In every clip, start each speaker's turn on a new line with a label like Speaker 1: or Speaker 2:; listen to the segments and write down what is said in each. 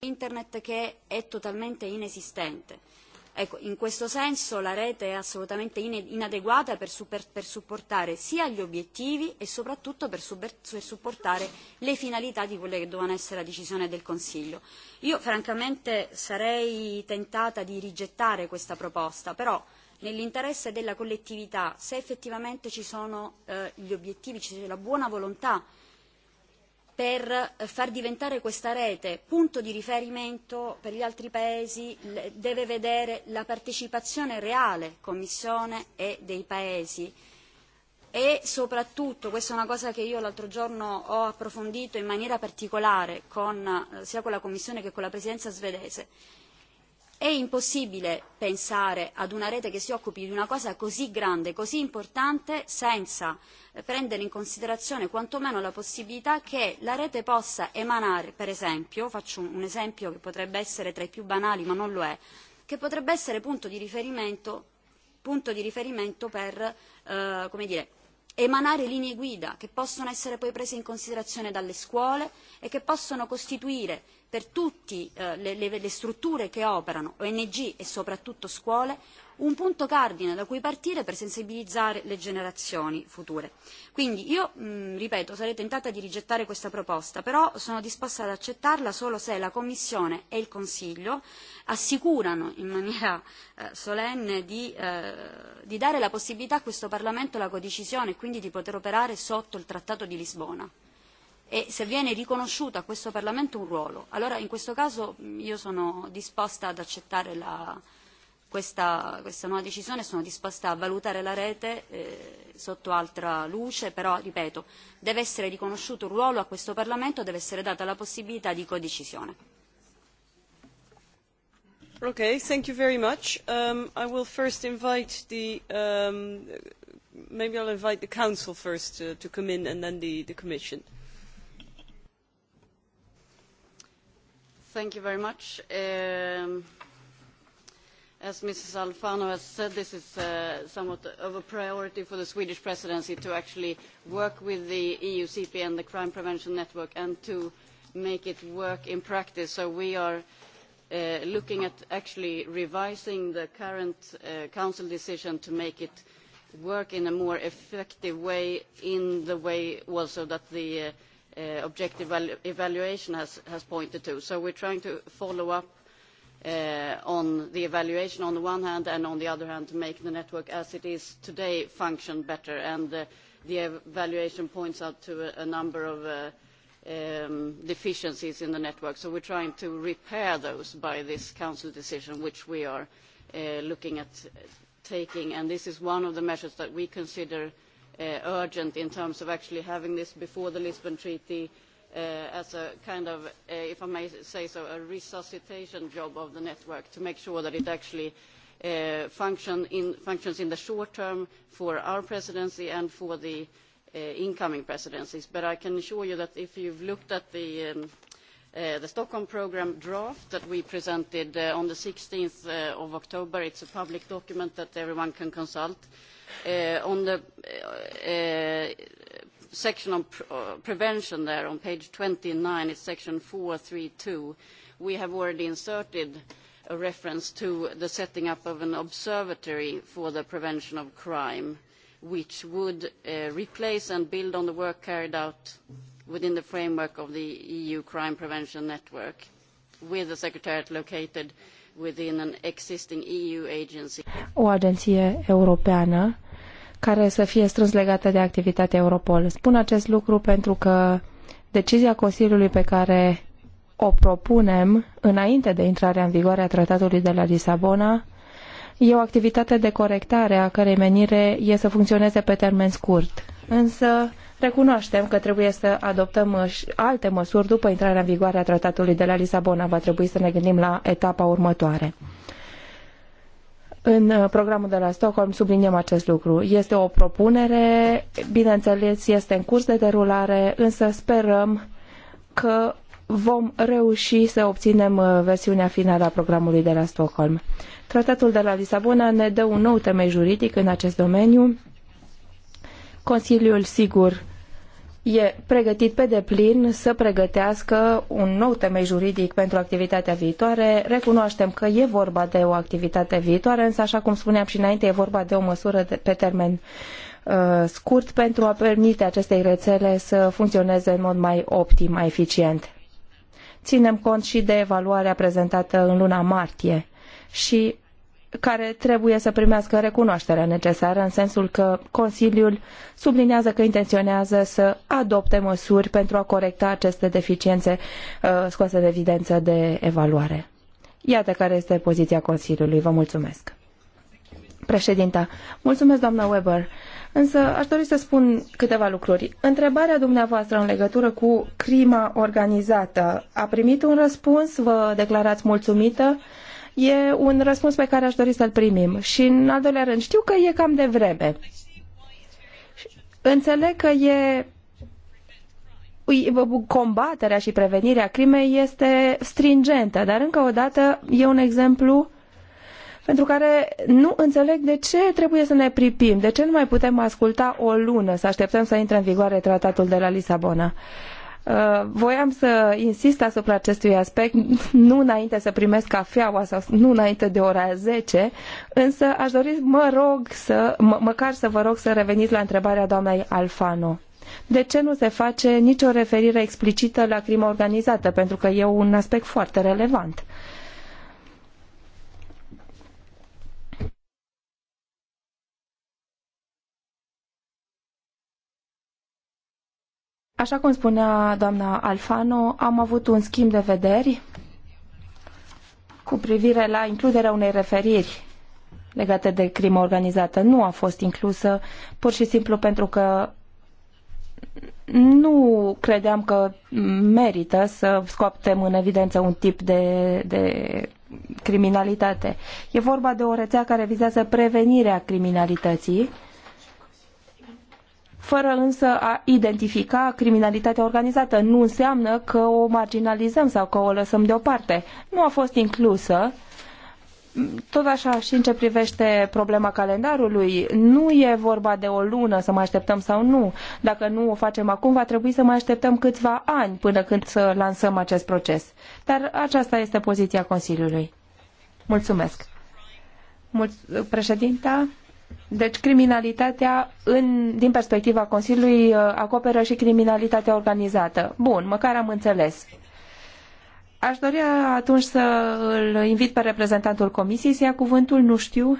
Speaker 1: internet che è totalmente inesistente. Ecco, in questo senso la rete è assolutamente inadeguata per, super, per supportare sia gli obiettivi e soprattutto per, super, per supportare le finalità di quelle che dovevano essere la decisione del Consiglio. Io francamente sarei tentata di rigettare questa proposta, però nell'interesse della collettività, se effettivamente ci sono eh, gli obiettivi, c'è la buona volontà per far diventare questa rete punto di riferimento per gli altri paesi deve vedere la partecipazione reale Commissione e dei paesi e soprattutto, questa è una cosa che io l'altro giorno ho approfondito in maniera particolare con, eh, sia con la Commissione che con la Presidenza svedese, È impossibile pensare ad una rete che si occupi di una cosa così grande, così importante, senza eh, prendere in considerazione quantomeno la possibilità che la rete possa emanare, per esempio, faccio un esempio che potrebbe essere tra i più banali ma non lo è, che potrebbe essere punto di riferimento, punto di riferimento per eh, come dire, emanare linee guida che possono essere poi prese in considerazione dalle scuole e che possono costituire per tutte eh, le, le, le strutture che operano, ONG e soprattutto scuole, un punto cardine da cui partire per sensibilizzare le generazioni future. Quindi io, mh, mm, ripeto, sarei tentata di rigettare questa proposta, però sono disposta ad accettarla solo se la Commissione e il Consiglio assicurano in maniera eh, solenne di, eh, di dare la possibilità a questo Parlamento la codecisione e quindi di poter operare sotto il Trattato di Lisbona e se viene riconosciuto a questo Parlamento un ruolo, allora in questo caso io sono disposta ad accettare la, questa, questa nuova decisione, sono disposta a valutare la rete eh, sotto altra luce, però ripeto, deve essere riconosciuto un ruolo a questo Parlamento, deve essere data la possibilità di codecisione. Okay, thank you very much. Um, I
Speaker 2: will first invite the, um, maybe I'll invite the Council first uh, to come in and then the, the Commission. Thank you very much. Um, as Mrs. Alfano has said, this is uh, somewhat of a priority for the Swedish presidency to actually work with the EU CP and the Crime Prevention Network and to make it work in practice. So we are Uh, looking at actually revising the current uh, council decision to make it work in a more effective way in the way also that the uh, Uh, objective evaluation has, has pointed to. So we're trying to follow up uh, on the evaluation on the one hand, and on the other hand, to make the network as it is today function better. And uh, the evaluation points out to a, a number of uh, um, deficiencies in the network. So we're trying to repair those by this council decision, which we are uh, looking at taking. And this is one of the measures that we consider Uh, urgent in terms of actually having this before the Lisbon Treaty uh, as a kind of, uh, if I may say so, a resuscitation job of the network to make sure that it actually function in, functions in the short term for our presidency and for the incoming presidencies. But I can assure you that if you've looked at the, um, uh, the Stockholm programme draft that we presented uh, on the 16th uh, of October, it's a public document that everyone can consult. Uh, Uh, on the uh, uh, section on pr uh, prevention there on page 29, it's section 432. We have already inserted a reference to the setting up of an observatory for the prevention of crime, which would uh, replace and build on the work carried out within the framework of the EU Crime Prevention Network, with the Secretariat located uh,
Speaker 3: o agenție europeană care să fie strâns legată de activitatea Europol. Spun acest lucru pentru că decizia Consiliului pe care o propunem înainte de intrarea în vigoare a Tratatului de la Lisabona e o activitate de corectare a cărei menire e să funcționeze pe termen scurt. Însă Recunoaștem că trebuie să adoptăm uh, și alte măsuri după intrarea în vigoare a tratatului de la Lisabona. Va trebui să ne gândim la etapa următoare. În uh, programul de la Stockholm subliniem acest lucru. Este o propunere, bineînțeles, este în curs de derulare, însă sperăm că vom reuși să obținem uh, versiunea finală a programului de la Stockholm. Tratatul de la Lisabona ne dă un nou temei juridic în acest domeniu Consiliul, sigur, e pregătit pe deplin să pregătească un nou temei juridic pentru activitatea viitoare. Recunoaștem că e vorba de o activitate viitoare, însă, așa cum spuneam și înainte, e vorba de o măsură de, pe termen uh, scurt pentru a permite acestei rețele să funcționeze în mod mai optim, mai eficient. Ținem cont și de evaluarea prezentată în luna martie și care trebuie să primească recunoașterea necesară în sensul că Consiliul subliniază că intenționează să adopte măsuri pentru a corecta aceste deficiențe uh, scoase de evidență de evaluare. Iată care este poziția Consiliului. Vă mulțumesc. Președinta, mulțumesc doamna Weber. Însă aș dori să spun câteva lucruri. Întrebarea dumneavoastră în legătură cu crima organizată a primit un răspuns? Vă declarați mulțumită? Uh, E un răspuns pe care aș dori să-l primim. Și în al doilea rând, știu că e cam de vreme. Înțeleg că e combaterea și prevenirea crimei este stringentă, dar încă o dată e un exemplu pentru care nu înțeleg de ce trebuie să ne pripim, de ce nu mai putem asculta o lună să așteptăm să intre în vigoare tratatul de la Lisabona. Uh, Uh, voiam să insist asupra acestui aspect, nu înainte să primesc cafeaua sau nu înainte de ora 10, însă aș dori, mă rog, să, mă, măcar să vă rog să reveniți la întrebarea doamnei Alfano. De ce nu se face nicio referire explicită la crimă organizată? Pentru că e un aspect foarte relevant. Uh, Așa cum spunea doamna Alfano, am avut un schimb de vederi cu privire la includerea unei referiri legate de crimă organizată. Nu a fost inclusă pur și simplu pentru că nu credeam că merită să scoatem în evidență un tip de, de criminalitate. E vorba de o rețea care vizează prevenirea criminalității fără însă a identifica criminalitatea organizată. Nu înseamnă că o marginalizăm sau că o lăsăm deoparte. Nu a fost inclusă tot așa și în ce privește problema calendarului, nu e vorba de o lună să mai așteptăm sau nu. Dacă nu o facem acum, va trebui să mai așteptăm câțiva ani până când să lansăm acest proces. Dar aceasta este poziția Consiliului. Mulțumesc. Mulț- președinta, deci criminalitatea în, din perspectiva Consiliului uh, acoperă și criminalitatea organizată. Bun, măcar am înțeles. Aș dori atunci să îl invit pe reprezentantul Comisiei să ia cuvântul, nu știu.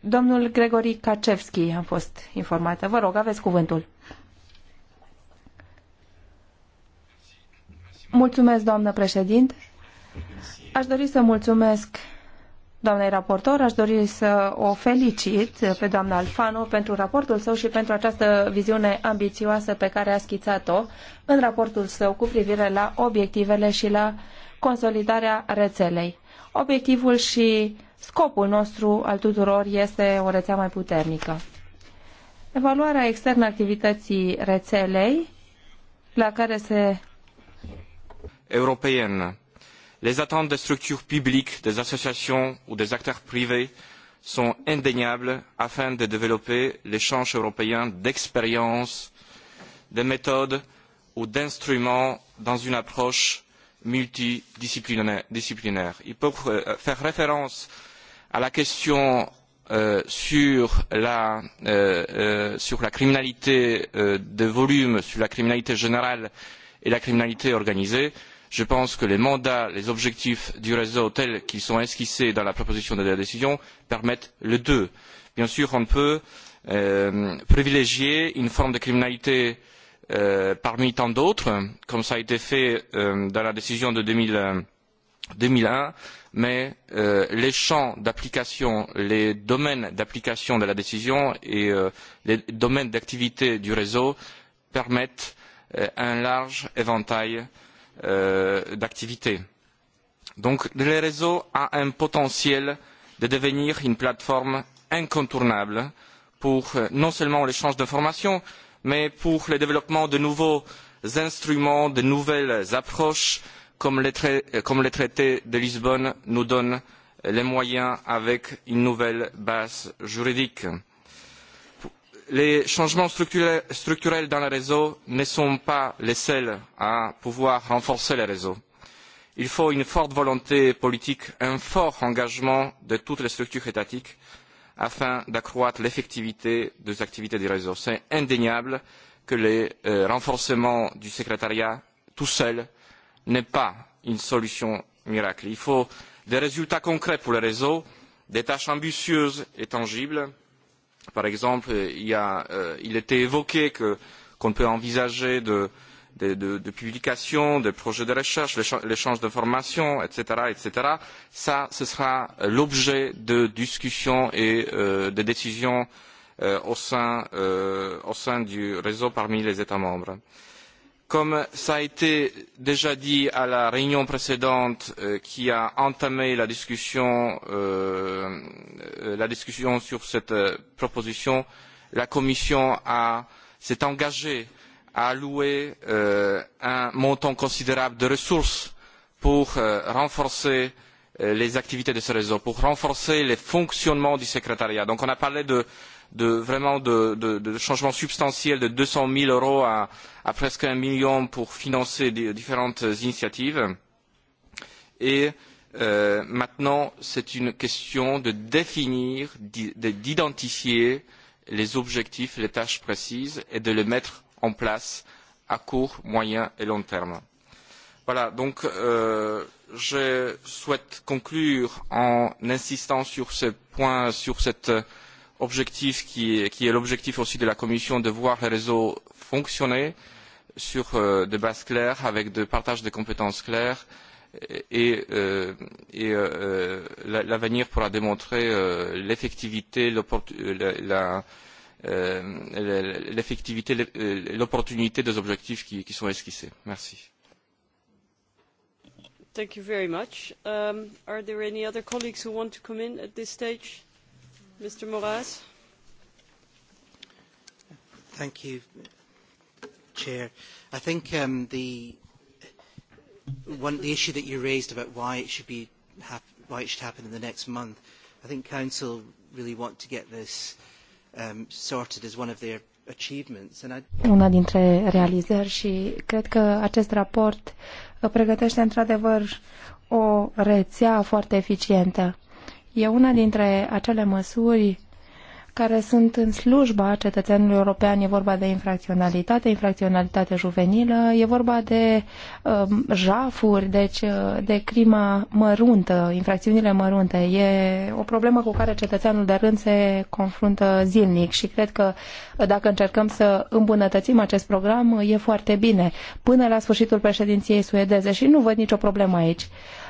Speaker 3: Domnul Gregori Kacevski am fost informată. Vă rog, aveți cuvântul. Mulțumesc, doamnă președinte. Aș dori să mulțumesc doamnei raportor. Aș dori să o felicit pe doamna Alfano pentru raportul său și pentru această viziune ambițioasă pe care a schițat-o în raportul său cu privire la obiectivele și la consolidarea rețelei. Obiectivul și scopul nostru al tuturor este o rețea mai puternică. Evaluarea externă a activității rețelei la care se
Speaker 4: europeană Les attentes des structures publiques, des associations ou des acteurs privés sont indéniables afin de développer l'échange européen d'expériences, de méthodes ou d'instruments dans une approche multidisciplinaire. Il pour euh, faire référence à la question euh, sur, la, euh, euh, sur la criminalité euh, de volume, sur la criminalité générale et la criminalité organisée, je pense que les mandats les objectifs du réseau tels qu'ils sont esquissés dans la proposition de la décision permettent les deux. bien sûr on peut euh, privilégier une forme de criminalité euh, parmi tant d'autres comme cela a été fait euh, dans la décision de deux mille un mais les champs d'application les domaines d'application de la décision et les domaines d'activité du réseau permettent un large éventail de Euh, d'activité. Donc le réseau a un potentiel de devenir une plateforme incontournable pour euh, non seulement l'échange d'informations, mais pour le développement de nouveaux instruments, de nouvelles approches, comme le, comme le traité de Lisbonne nous donne les moyens avec une nouvelle base juridique. Euh, les changements structurels dans le réseau ne sont pas les seuls à pouvoir renforcer le réseau. Il faut une forte volonté politique, un fort engagement de toutes les structures étatiques afin d'accroître l'effectivité des activités du réseau. C'est indéniable que le euh, renforcement du secrétariat tout seul n'est pas une solution miracle. Il faut des résultats concrets pour le réseau, des tâches ambitieuses et tangibles Par exemple, il, y a, euh, il était évoqué que qu'on peut envisager de, de, de, de publication, de projets de recherche, l'échange d'informations, etc., etc. Ça, ce sera l'objet de discussions et euh, de décisions euh, au, sein, euh, au sein du réseau parmi les États membres. Euh, Comme cela a été déjà dit à la réunion précédente euh, qui a entamé la discussion, euh, sur cette euh, proposition, la Commission s'est engagée à allouer un montant considérable de ressources pour renforcer les activités de ce réseau, pour renforcer le fonctionnement du secrétariat. Donc on a parlé de de vraiment de, de, de changements substantiels de 200 000 euros à, à presque un million pour financer des, différentes initiatives. Et euh, maintenant, c'est une question de définir, d'identifier les objectifs, les tâches précises et de les mettre en place à court, moyen et long terme. Voilà, donc euh, je souhaite conclure en insistant sur ce point, sur cette euh, objectif qui est, qui est l'objectif aussi de la Commission de voir les réseaux fonctionner sur euh, des bases claires, avec des partages de compétences claires, et, euh, et euh, l'avenir pourra démontrer euh, l'effectivité, euh, l'effectivité, euh, l'opportunité des objectifs qui, qui sont esquissés. Merci.
Speaker 2: Thank you very much. Um, are there any other colleagues who want to come in at this stage?
Speaker 5: Thank you, Chair. I think um, the one the issue that you raised about why it should be why it should happen in the next month, I think Council really want to get this um, sorted as one of their achievements. And Una
Speaker 3: dintre realizări și cred că acest raport uh, pregătește într-adevăr o rețea foarte eficientă E una dintre acele măsuri care sunt în slujba cetățenului european. E vorba de infracționalitate, infracționalitate juvenilă, e vorba de uh, jafuri, deci uh, de crima măruntă, infracțiunile mărunte. E o problemă cu care cetățeanul de rând se confruntă zilnic și cred că uh, dacă încercăm să îmbunătățim acest program, uh, e foarte bine. Până la sfârșitul președinției suedeze și nu văd nicio problemă aici. Uh,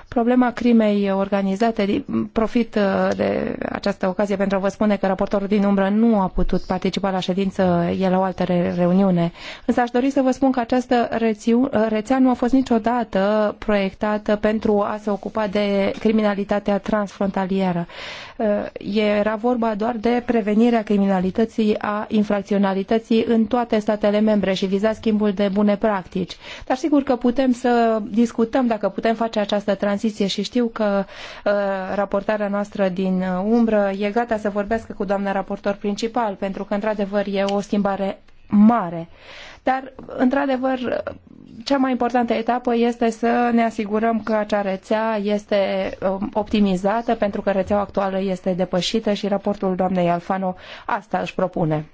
Speaker 3: Problema crimei organizate, profit uh, de această ocazie pentru a vă spune că raportorul din umbră nu a putut participa la ședință, el la o altă reuniune. Însă aș dori să vă spun că această rețiu, rețea nu a fost niciodată proiectată pentru a se ocupa de criminalitatea transfrontalieră. Uh, era vorba doar de prevenirea criminalității, a infracționalității în toate statele membre și viza schimbul de bune practici. Dar sigur că putem să discutăm dacă putem face această transfrontalieră tranziție și știu că uh, raportarea noastră din umbră e gata să vorbească cu doamna raportor principal, pentru că, într-adevăr, e o schimbare mare. Dar, într-adevăr, cea mai importantă etapă este să ne asigurăm că acea rețea este um, optimizată, pentru că rețeaua actuală este depășită și raportul doamnei Alfano asta își propune.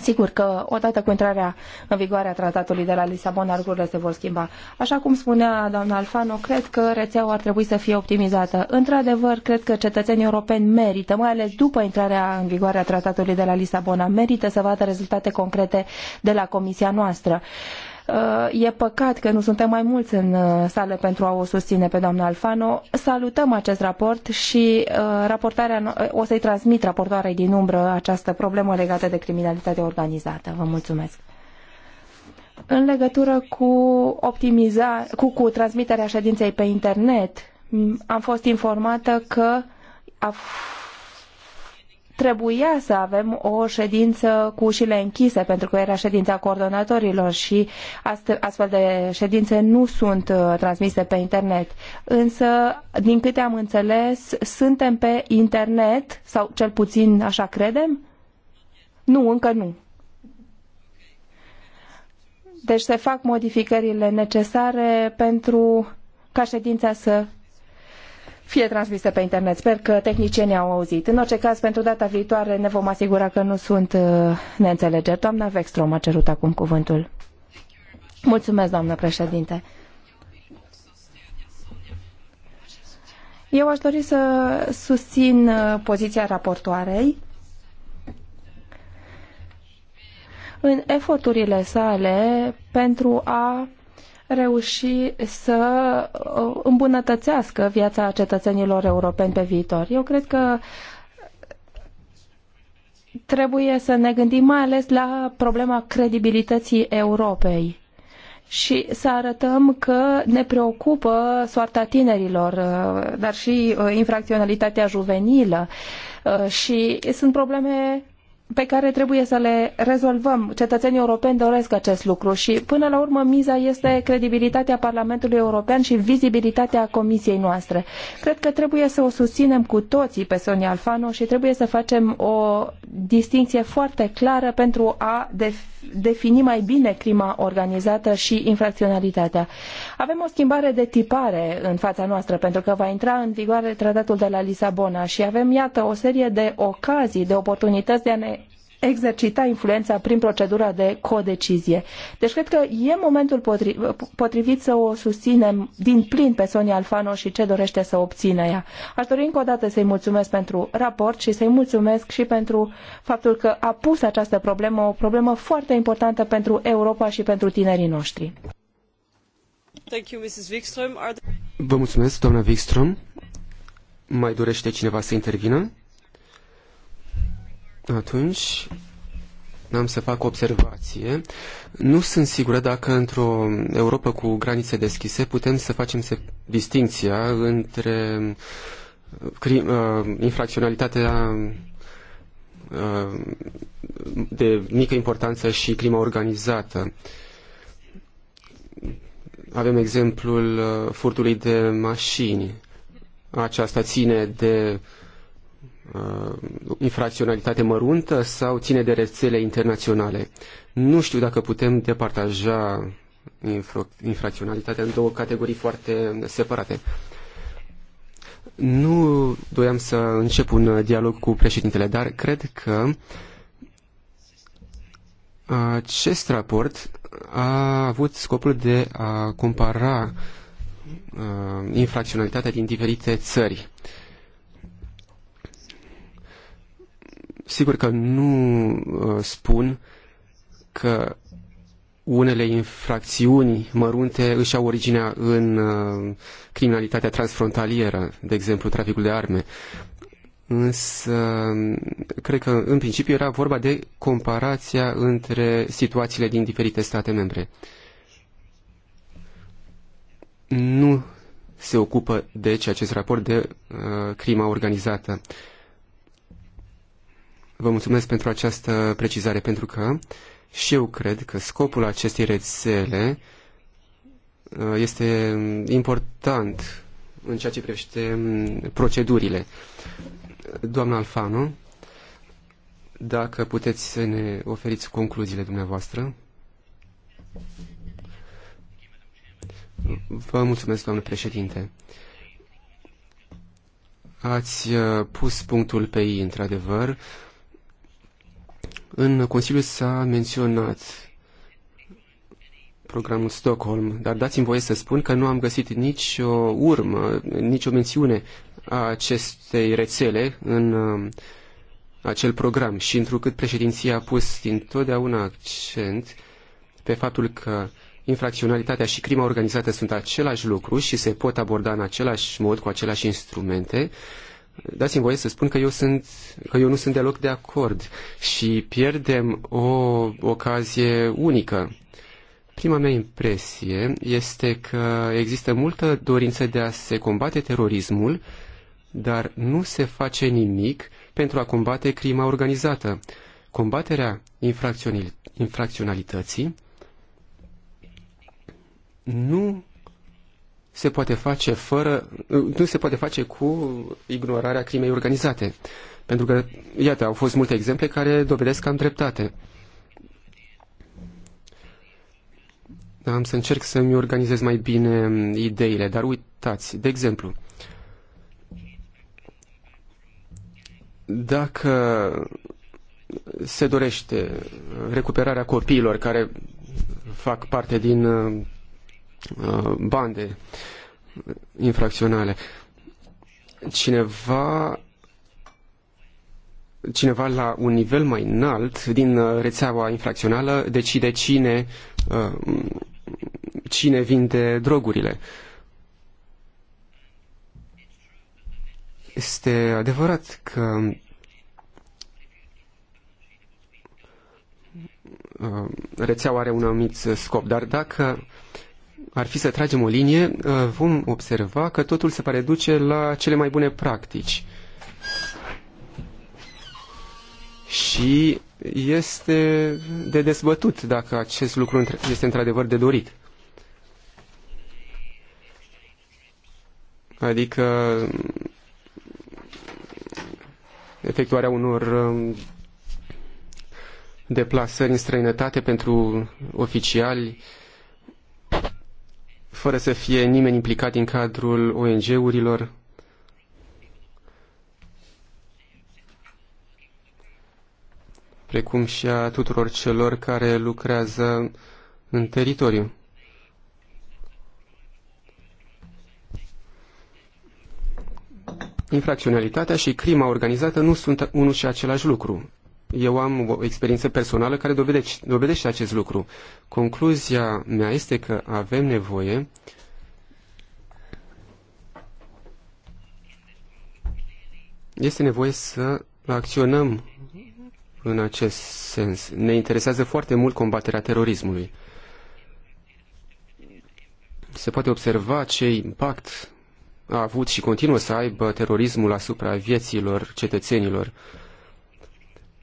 Speaker 3: Sigur că odată cu intrarea în vigoare a tratatului de la Lisabona, lucrurile se vor schimba. Așa cum spunea doamna Alfano, cred că rețeaua ar trebui să fie optimizată. Într-adevăr, cred că cetățenii europeni merită, mai ales după intrarea în vigoare a tratatului de la Lisabona, merită să vadă rezultate concrete de la comisia noastră. Uh, Uh, e păcat că nu suntem mai mulți în uh, sală pentru a o susține pe doamna Alfano. Salutăm acest raport și uh, raportarea, o să-i transmit raportoarei din umbră această problemă legată de criminalitatea organizată. Vă mulțumesc. În legătură cu, optimiza, cu, cu transmiterea ședinței pe internet, am fost informată că a trebuia să avem o ședință cu ușile închise, pentru că era ședința coordonatorilor și astfel de ședințe nu sunt uh, transmise pe internet. Însă, din câte am înțeles, suntem pe internet, sau cel puțin așa credem? Nu, încă nu. Deci se fac modificările necesare pentru ca ședința să fie transmise pe internet. Sper că tehnicienii au auzit. În orice caz, pentru data viitoare ne vom asigura că nu sunt uh, neînțelegeri. Doamna Vextrom a cerut acum cuvântul. Mulțumesc, doamnă președinte. Eu aș dori să susțin uh, poziția raportoarei. În eforturile sale pentru a reuși să uh, îmbunătățească viața cetățenilor europeni pe viitor. Eu cred că trebuie să ne gândim mai ales la problema credibilității Europei și să arătăm că ne preocupă soarta tinerilor, uh, dar și uh, infracționalitatea juvenilă și sunt probleme pe care trebuie să le rezolvăm. Cetățenii europeni doresc acest lucru și, până la urmă, miza este credibilitatea Parlamentului European și vizibilitatea Comisiei noastre. Cred că trebuie să o susținem cu toții pe Sonia Alfano și trebuie să facem o distinție foarte clară pentru a defini defini mai bine crima organizată și infracționalitatea. Avem o schimbare de tipare în fața noastră, pentru că va intra în vigoare tratatul de la Lisabona și avem, iată, o serie de ocazii, de oportunități de a ne exercita influența prin procedura de codecizie. Deci cred că e momentul potrivit să o susținem din plin pe Sonia Alfano și ce dorește să obțină ea. Aș dori încă o dată să-i mulțumesc pentru raport și să-i mulțumesc și pentru faptul că a pus această problemă, o problemă foarte importantă pentru Europa și pentru tinerii noștri.
Speaker 6: Vă mulțumesc, doamna Wikström. Mai dorește cineva să intervină? Atunci, am să fac o observație. Nu sunt sigură dacă într-o Europa cu granițe deschise putem să facem se distinția între uh, crim, uh, infracționalitatea uh, de mică importanță și crima organizată. Avem exemplul uh, furtului de mașini. Aceasta ține de uh, Uh, infracționalitate măruntă sau ține de rețele internaționale. Nu știu dacă putem departaja infracționalitatea în două categorii foarte separate. Nu doiam să încep un dialog cu președintele, dar cred că acest raport a avut scopul de a compara uh, infracționalitatea din diferite țări. Uh, Sigur că nu uh, spun că unele infracțiuni mărunte își au originea în uh, criminalitatea transfrontalieră, de exemplu traficul de arme. Însă, cred că în principiu era vorba de comparația între situațiile din diferite state membre. Nu se ocupă, deci, acest raport de uh, crima organizată. Uh, Vă mulțumesc pentru această precizare, pentru că și eu cred că scopul acestei rețele uh, este important în ceea ce privește um, procedurile. Doamna Alfano, dacă puteți să ne oferiți concluziile dumneavoastră. Vă mulțumesc, doamnă președinte. Ați uh, pus punctul pe ei, într-adevăr. În Consiliu s-a menționat programul Stockholm, dar dați-mi voie să spun că nu am găsit nicio urmă, nicio mențiune a acestei rețele în uh, acel program și întrucât președinția a pus totdeauna accent pe faptul că infracționalitatea și crima organizată sunt același lucru și se pot aborda în același mod, cu aceleași instrumente, uh, dați-mi voie să spun că eu, sunt, că eu nu sunt deloc de acord și pierdem o ocazie unică. Prima mea impresie este că există multă dorință de a se combate terorismul, dar nu se face nimic pentru a combate crima organizată. Combaterea infracționalității nu se poate face fără, nu se poate face cu ignorarea crimei organizate. Pentru că, iată, au fost multe exemple care dovedesc că am dreptate. Da, am să încerc să-mi organizez mai bine ideile, dar uitați, de exemplu, dacă se dorește recuperarea copiilor care fac parte din uh, Uh, bande infracționale. Cineva cineva la un nivel mai înalt din uh, rețeaua infracțională decide cine uh, cine vinde drogurile. Este adevărat că rețeaua are un anumit scop, dar dacă ar fi să tragem o linie, uh, vom observa că totul se pare duce la cele mai bune practici. Și este de dezbătut dacă acest lucru este într-adevăr de dorit. Adică efectuarea unor um, deplasări în străinătate pentru oficiali fără să fie nimeni implicat în cadrul ONG-urilor. precum și a tuturor celor care lucrează în teritoriu. Infracționalitatea și crima organizată nu sunt unul și același lucru eu am o experiență personală care dovedește, dovedește acest lucru. Concluzia mea este că avem nevoie este nevoie să acționăm în acest sens. Ne interesează foarte mult combaterea terorismului. Se poate observa ce impact a avut și continuă să aibă terorismul asupra vieților cetățenilor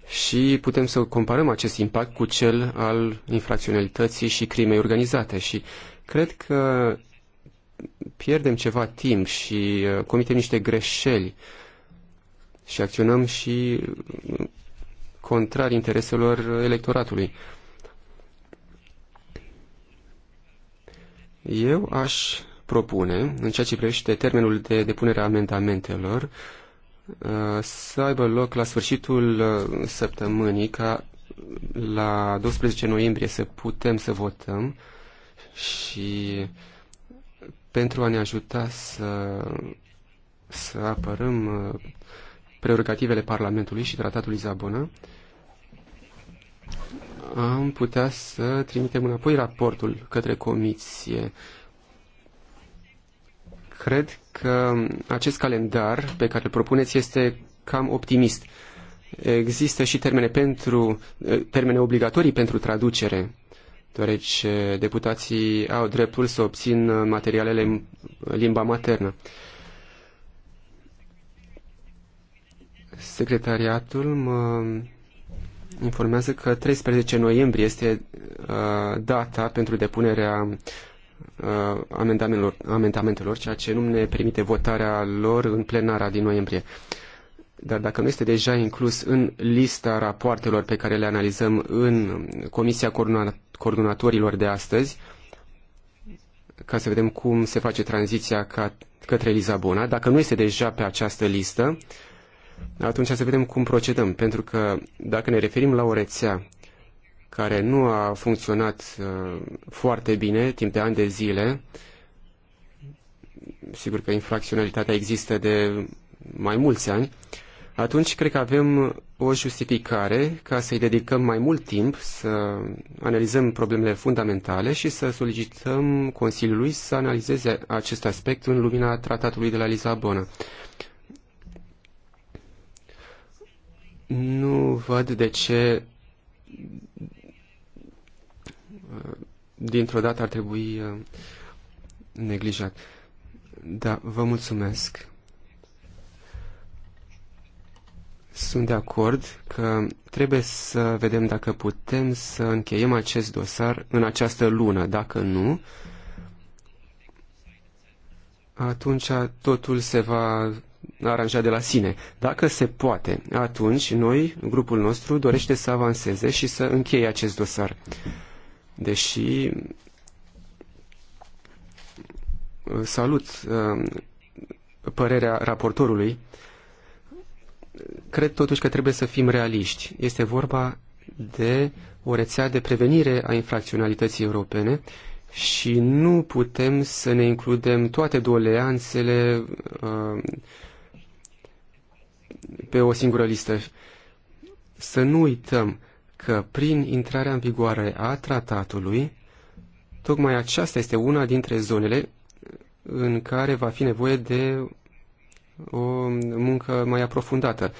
Speaker 6: și putem să comparăm acest impact cu cel al infracționalității și crimei organizate. Și cred că pierdem ceva timp și uh, comitem niște greșeli și acționăm și uh, contrar intereselor electoratului. Eu aș propune, în ceea ce privește termenul de depunere a amendamentelor, Uh, să aibă loc la sfârșitul uh, săptămânii, ca la 12 noiembrie să putem să votăm și pentru a ne ajuta să, să apărăm uh, prerogativele Parlamentului și Tratatul Lisabona, am putea să trimitem înapoi raportul către comisie Cred că acest calendar pe care îl propuneți este cam optimist. Există și termene, pentru, termene obligatorii pentru traducere, deoarece deputații au dreptul să obțin materialele în limba maternă. Secretariatul mă informează că 13 noiembrie este uh, data pentru depunerea uh, amendamentelor, amendamentelor, ceea ce nu ne permite votarea lor în plenara din noiembrie. Dar dacă nu este deja inclus în lista rapoartelor pe care le analizăm în Comisia Coordonatorilor de astăzi, ca să vedem cum se face tranziția ca, către Lisabona, dacă nu este deja pe această listă, atunci să vedem cum procedăm, pentru că dacă ne referim la o rețea care nu a funcționat uh, foarte bine timp de ani de zile. Sigur că infracționalitatea există de mai mulți ani. Atunci cred că avem o justificare ca să-i dedicăm mai mult timp să analizăm problemele fundamentale și să solicităm Consiliului să analizeze acest aspect în lumina tratatului de la Lisabona. Nu văd de ce dintr-o dată ar trebui uh, neglijat. Da, vă mulțumesc. Sunt de acord că trebuie să vedem dacă putem să încheiem acest dosar în această lună. Dacă nu, atunci totul se va aranja de la sine. Dacă se poate, atunci noi, grupul nostru, dorește să avanseze și să încheie acest dosar. Deși uh, salut uh, părerea raportorului, cred totuși că trebuie să fim realiști. Este vorba de o rețea de prevenire a infracționalității europene și nu putem să ne includem toate doleanțele uh, pe o singură listă. Să nu uităm că prin intrarea în vigoare a tratatului, tocmai aceasta este una dintre zonele în care va fi nevoie de o muncă mai aprofundată.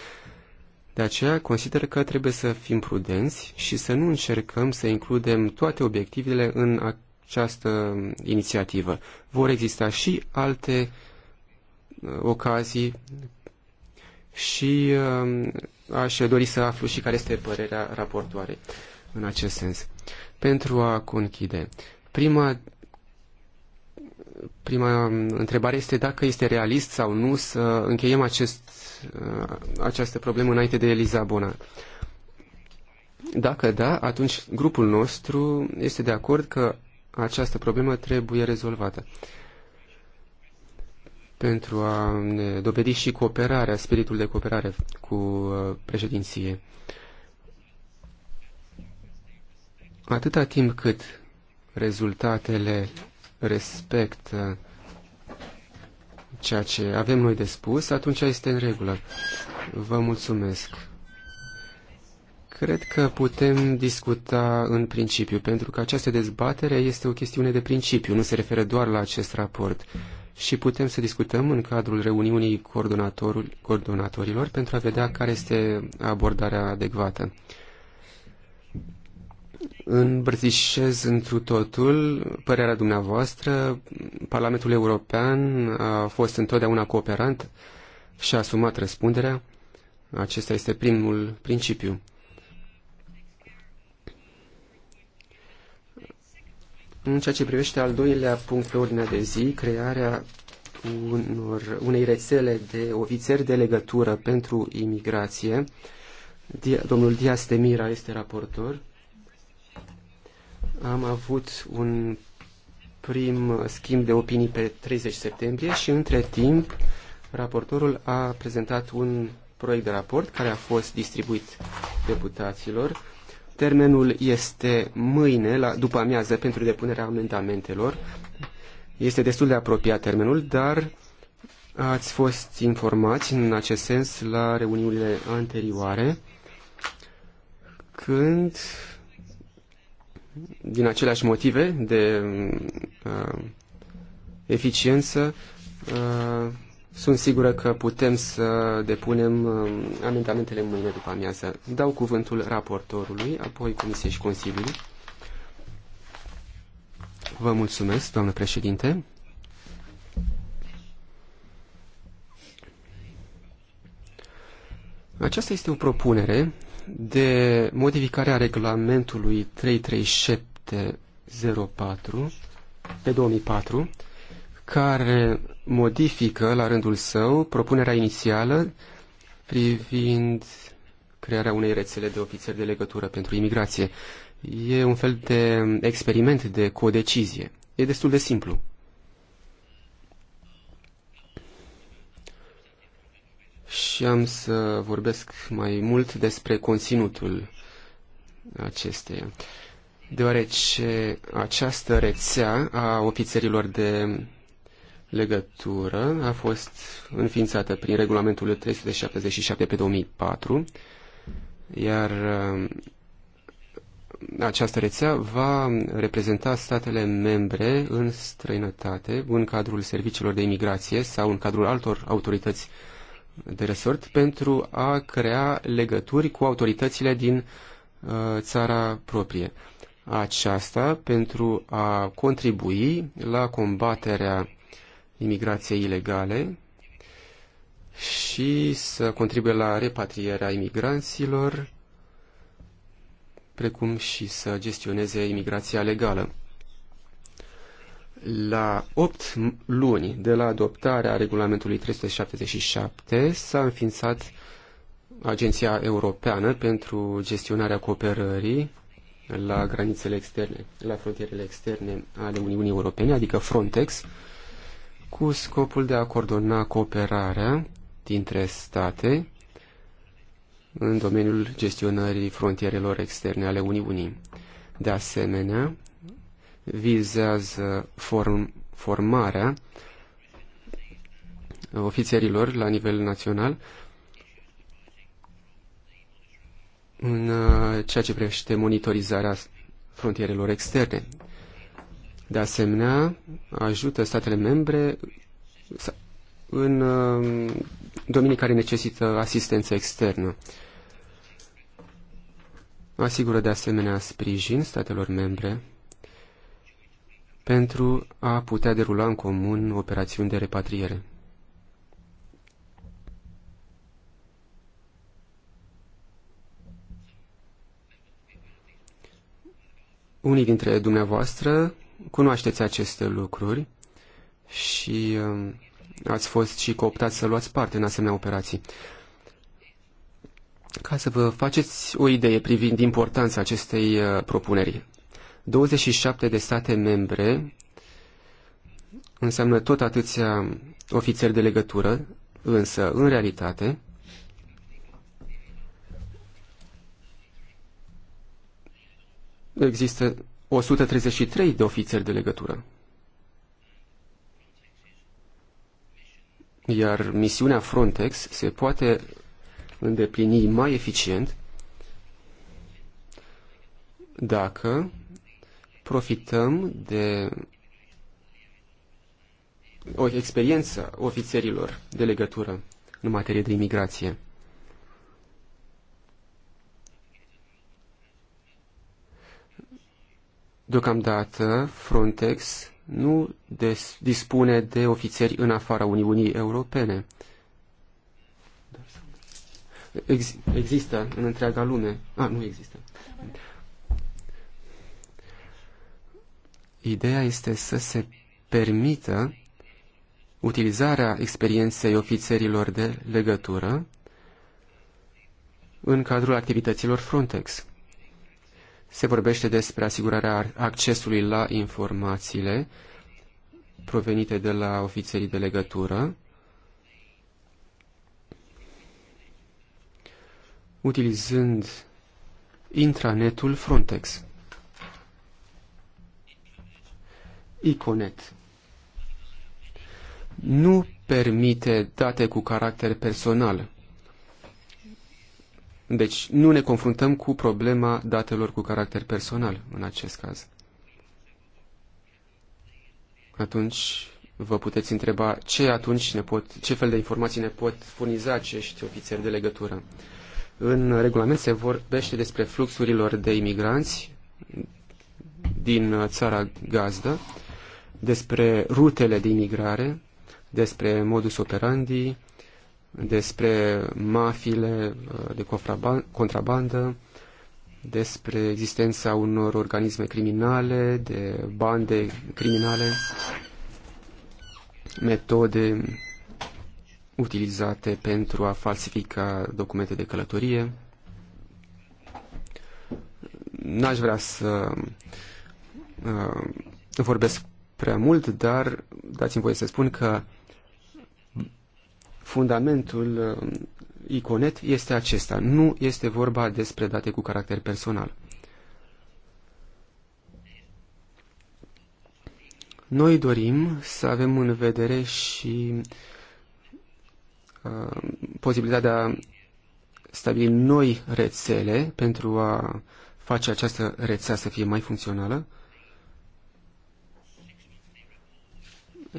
Speaker 6: De aceea consider că trebuie să fim prudenți și să nu încercăm să includem toate obiectivele în această inițiativă. Vor exista și alte uh, ocazii și uh, aș dori să aflu și care este părerea raportoarei în acest sens. Pentru a conchide, prima, prima um, întrebare este dacă este realist sau nu să încheiem acest, uh, această problemă înainte de Lisabona. Dacă da, atunci grupul nostru este de acord că această problemă trebuie rezolvată pentru a ne dovedi și cooperarea, spiritul de cooperare cu uh, președinție. Atâta timp cât rezultatele respectă ceea ce avem noi de spus, atunci este în regulă. Vă mulțumesc. Cred că putem discuta în principiu, pentru că această dezbatere este o chestiune de principiu, nu se referă doar la acest raport și putem să discutăm în cadrul reuniunii coordonatorilor pentru a vedea care este abordarea adecvată. Îmbrățișez întru totul părerea dumneavoastră. Parlamentul European a fost întotdeauna cooperant și a asumat răspunderea. Acesta este primul principiu. În ceea ce privește al doilea punct pe ordinea de zi, crearea unor, unei rețele de ofițeri de legătură pentru imigrație, domnul Dias Temira este raportor. Am avut un prim schimb de opinii pe 30 septembrie și între timp raportorul a prezentat un proiect de raport care a fost distribuit deputaților Termenul este mâine, la, după amiază, pentru depunerea amendamentelor. Este destul de apropiat termenul, dar ați fost informați în acest sens la reuniunile anterioare, când, din aceleași motive de uh, eficiență, uh, sunt sigură că putem să depunem um, amendamentele mâine după amiază. Dau cuvântul raportorului, apoi Comisiei și Consiliului. Vă mulțumesc, doamnă președinte. Aceasta este o propunere de modificare a regulamentului 33704 pe 2004 care modifică la rândul său propunerea inițială privind crearea unei rețele de ofițeri de legătură pentru imigrație. E un fel de experiment de codecizie. E destul de simplu. Și am să vorbesc mai mult despre conținutul acesteia, deoarece această rețea a ofițerilor de legătură a fost înființată prin regulamentul 377 pe 2004, iar um, această rețea va reprezenta statele membre în străinătate, în cadrul serviciilor de imigrație sau în cadrul altor autorități de resort, pentru a crea legături cu autoritățile din uh, țara proprie. Aceasta pentru a contribui la combaterea imigrației ilegale și să contribuie la repatrierea imigranților, precum și să gestioneze imigrația legală. La 8 luni de la adoptarea regulamentului 377 s-a înființat Agenția Europeană pentru gestionarea cooperării la granițele externe, la frontierele externe ale Uniunii Europene, adică Frontex, cu scopul de a coordona cooperarea dintre state în domeniul gestionării frontierelor externe ale Uniunii. De asemenea, vizează form, formarea ofițerilor la nivel național în uh, ceea ce privește monitorizarea frontierelor externe. De asemenea, ajută statele membre în um, domenii care necesită asistență externă. Asigură de asemenea sprijin statelor membre pentru a putea derula în comun operațiuni de repatriere. Unii dintre dumneavoastră cunoașteți aceste lucruri și um, ați fost și cooptați să luați parte în asemenea operații. Ca să vă faceți o idee privind importanța acestei uh, propuneri, 27 de state membre înseamnă tot atâția ofițeri de legătură, însă, în realitate, există 133 de ofițeri de legătură. Iar misiunea Frontex se poate îndeplini mai eficient dacă profităm de o experiență ofițerilor de legătură în materie de imigrație. Deocamdată, Frontex nu dispune de ofițeri în afara Uniunii Europene. Ex există în întreaga lume. A, nu există. Ideea este să se permită utilizarea experienței ofițerilor de legătură în cadrul activităților Frontex se vorbește despre asigurarea accesului la informațiile provenite de la ofițerii de legătură, utilizând intranetul Frontex. Iconet nu permite date cu caracter personal deci nu ne confruntăm cu problema datelor cu caracter personal în acest caz. Atunci vă puteți întreba ce atunci ne pot, ce fel de informații ne pot furniza acești ofițeri de legătură. În regulament se vorbește despre fluxurilor de imigranți din uh, țara gazdă, despre rutele de imigrare, despre modus operandi, despre mafiile uh, de contrabandă, despre existența unor organisme criminale, de bande criminale, metode utilizate pentru a falsifica documente de călătorie. N-aș vrea să uh, vorbesc prea mult, dar dați-mi voie să spun că fundamentul um, Iconet este acesta. Nu este vorba despre date cu caracter personal. Noi dorim să avem în vedere și uh, posibilitatea de a stabili noi rețele pentru a face această rețea să fie mai funcțională.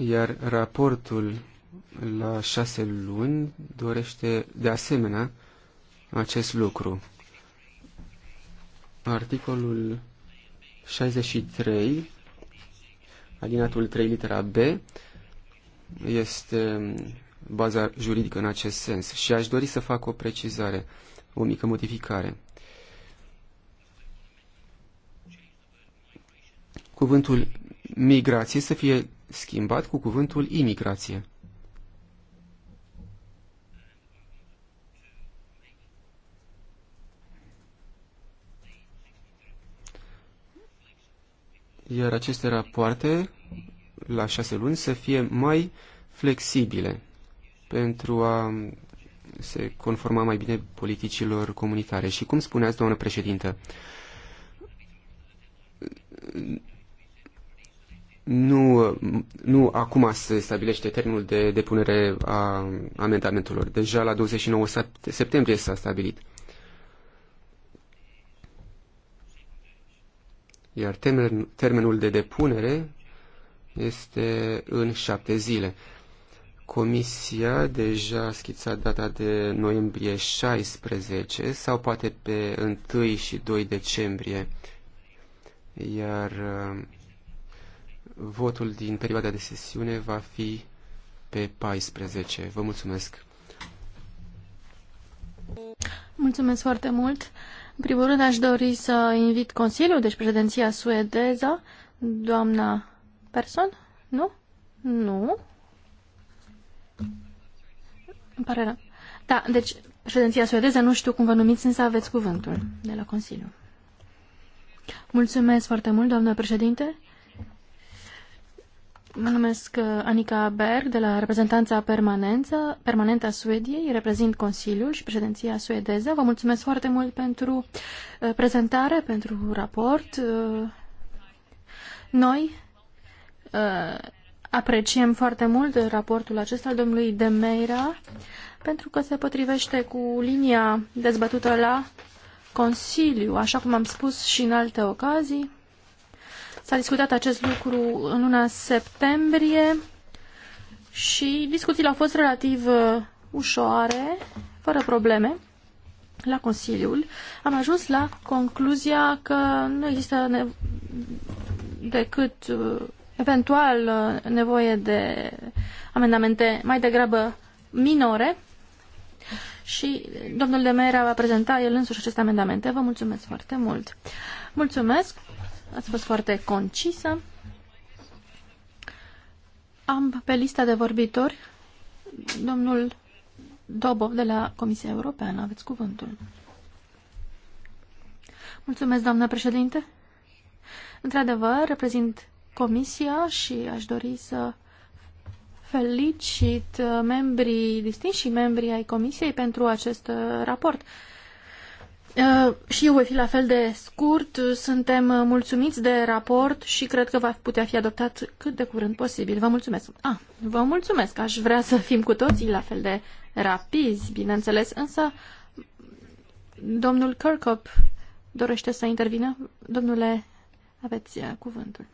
Speaker 6: Iar raportul la șase luni dorește de asemenea acest lucru. Articolul 63, alinatul 3 litera B, este baza juridică în acest sens și aș dori să fac o precizare, o mică modificare. Cuvântul migrație să fie schimbat cu cuvântul imigrație. iar aceste rapoarte la șase luni să fie mai flexibile pentru a se conforma mai bine politicilor comunitare. Și cum spuneați, doamnă președintă, nu, nu acum se stabilește termenul de depunere a amendamentelor. Deja la 29 septembrie s-a stabilit. iar termen, termenul de depunere este în șapte zile. Comisia deja a schițat data de noiembrie 16 sau poate pe 1 și 2 decembrie, iar uh, votul din perioada de sesiune va fi pe 14. Vă mulțumesc!
Speaker 7: Mulțumesc foarte mult! În primul rând aș dori să invit Consiliul, deci președinția suedeză, doamna Person, nu? Nu? Îmi pare rău. Da, deci președinția suedeză, nu știu cum vă numiți, însă aveți cuvântul de la Consiliu. Mulțumesc foarte mult, doamnă președinte. Mă numesc uh, Anica Berg, de la reprezentanța permanentă, permanentă a Suediei, reprezint Consiliul și președinția suedeză. Vă mulțumesc foarte mult pentru uh, prezentare, pentru raport. Uh, noi apreciem foarte mult raportul acesta al domnului Demeira, pentru că se potrivește cu linia dezbătută la Consiliu, așa cum am spus și în alte ocazii S-a discutat acest lucru în luna septembrie și discuțiile au fost relativ uh, ușoare, fără probleme, la Consiliul. Am ajuns la concluzia că nu există ne- decât uh, eventual uh, nevoie de amendamente mai degrabă minore și domnul Demera va prezenta el însuși aceste amendamente. Vă mulțumesc foarte mult. Mulțumesc. Ați fost foarte concisă. Am pe lista de vorbitori domnul Dobov de la Comisia Europeană. Aveți cuvântul. Mulțumesc, doamnă președinte. Într-adevăr, reprezint Comisia și aș dori să felicit membrii, distinși membrii ai Comisiei pentru acest raport. Uh, și eu voi fi la fel de scurt. Suntem uh, mulțumiți de raport și cred că va putea fi adoptat cât de curând posibil. Vă mulțumesc. Ah, vă mulțumesc. Aș vrea să fim cu toții la fel de rapizi, bineînțeles, însă domnul Kirkop dorește să intervină. Domnule, aveți uh, cuvântul.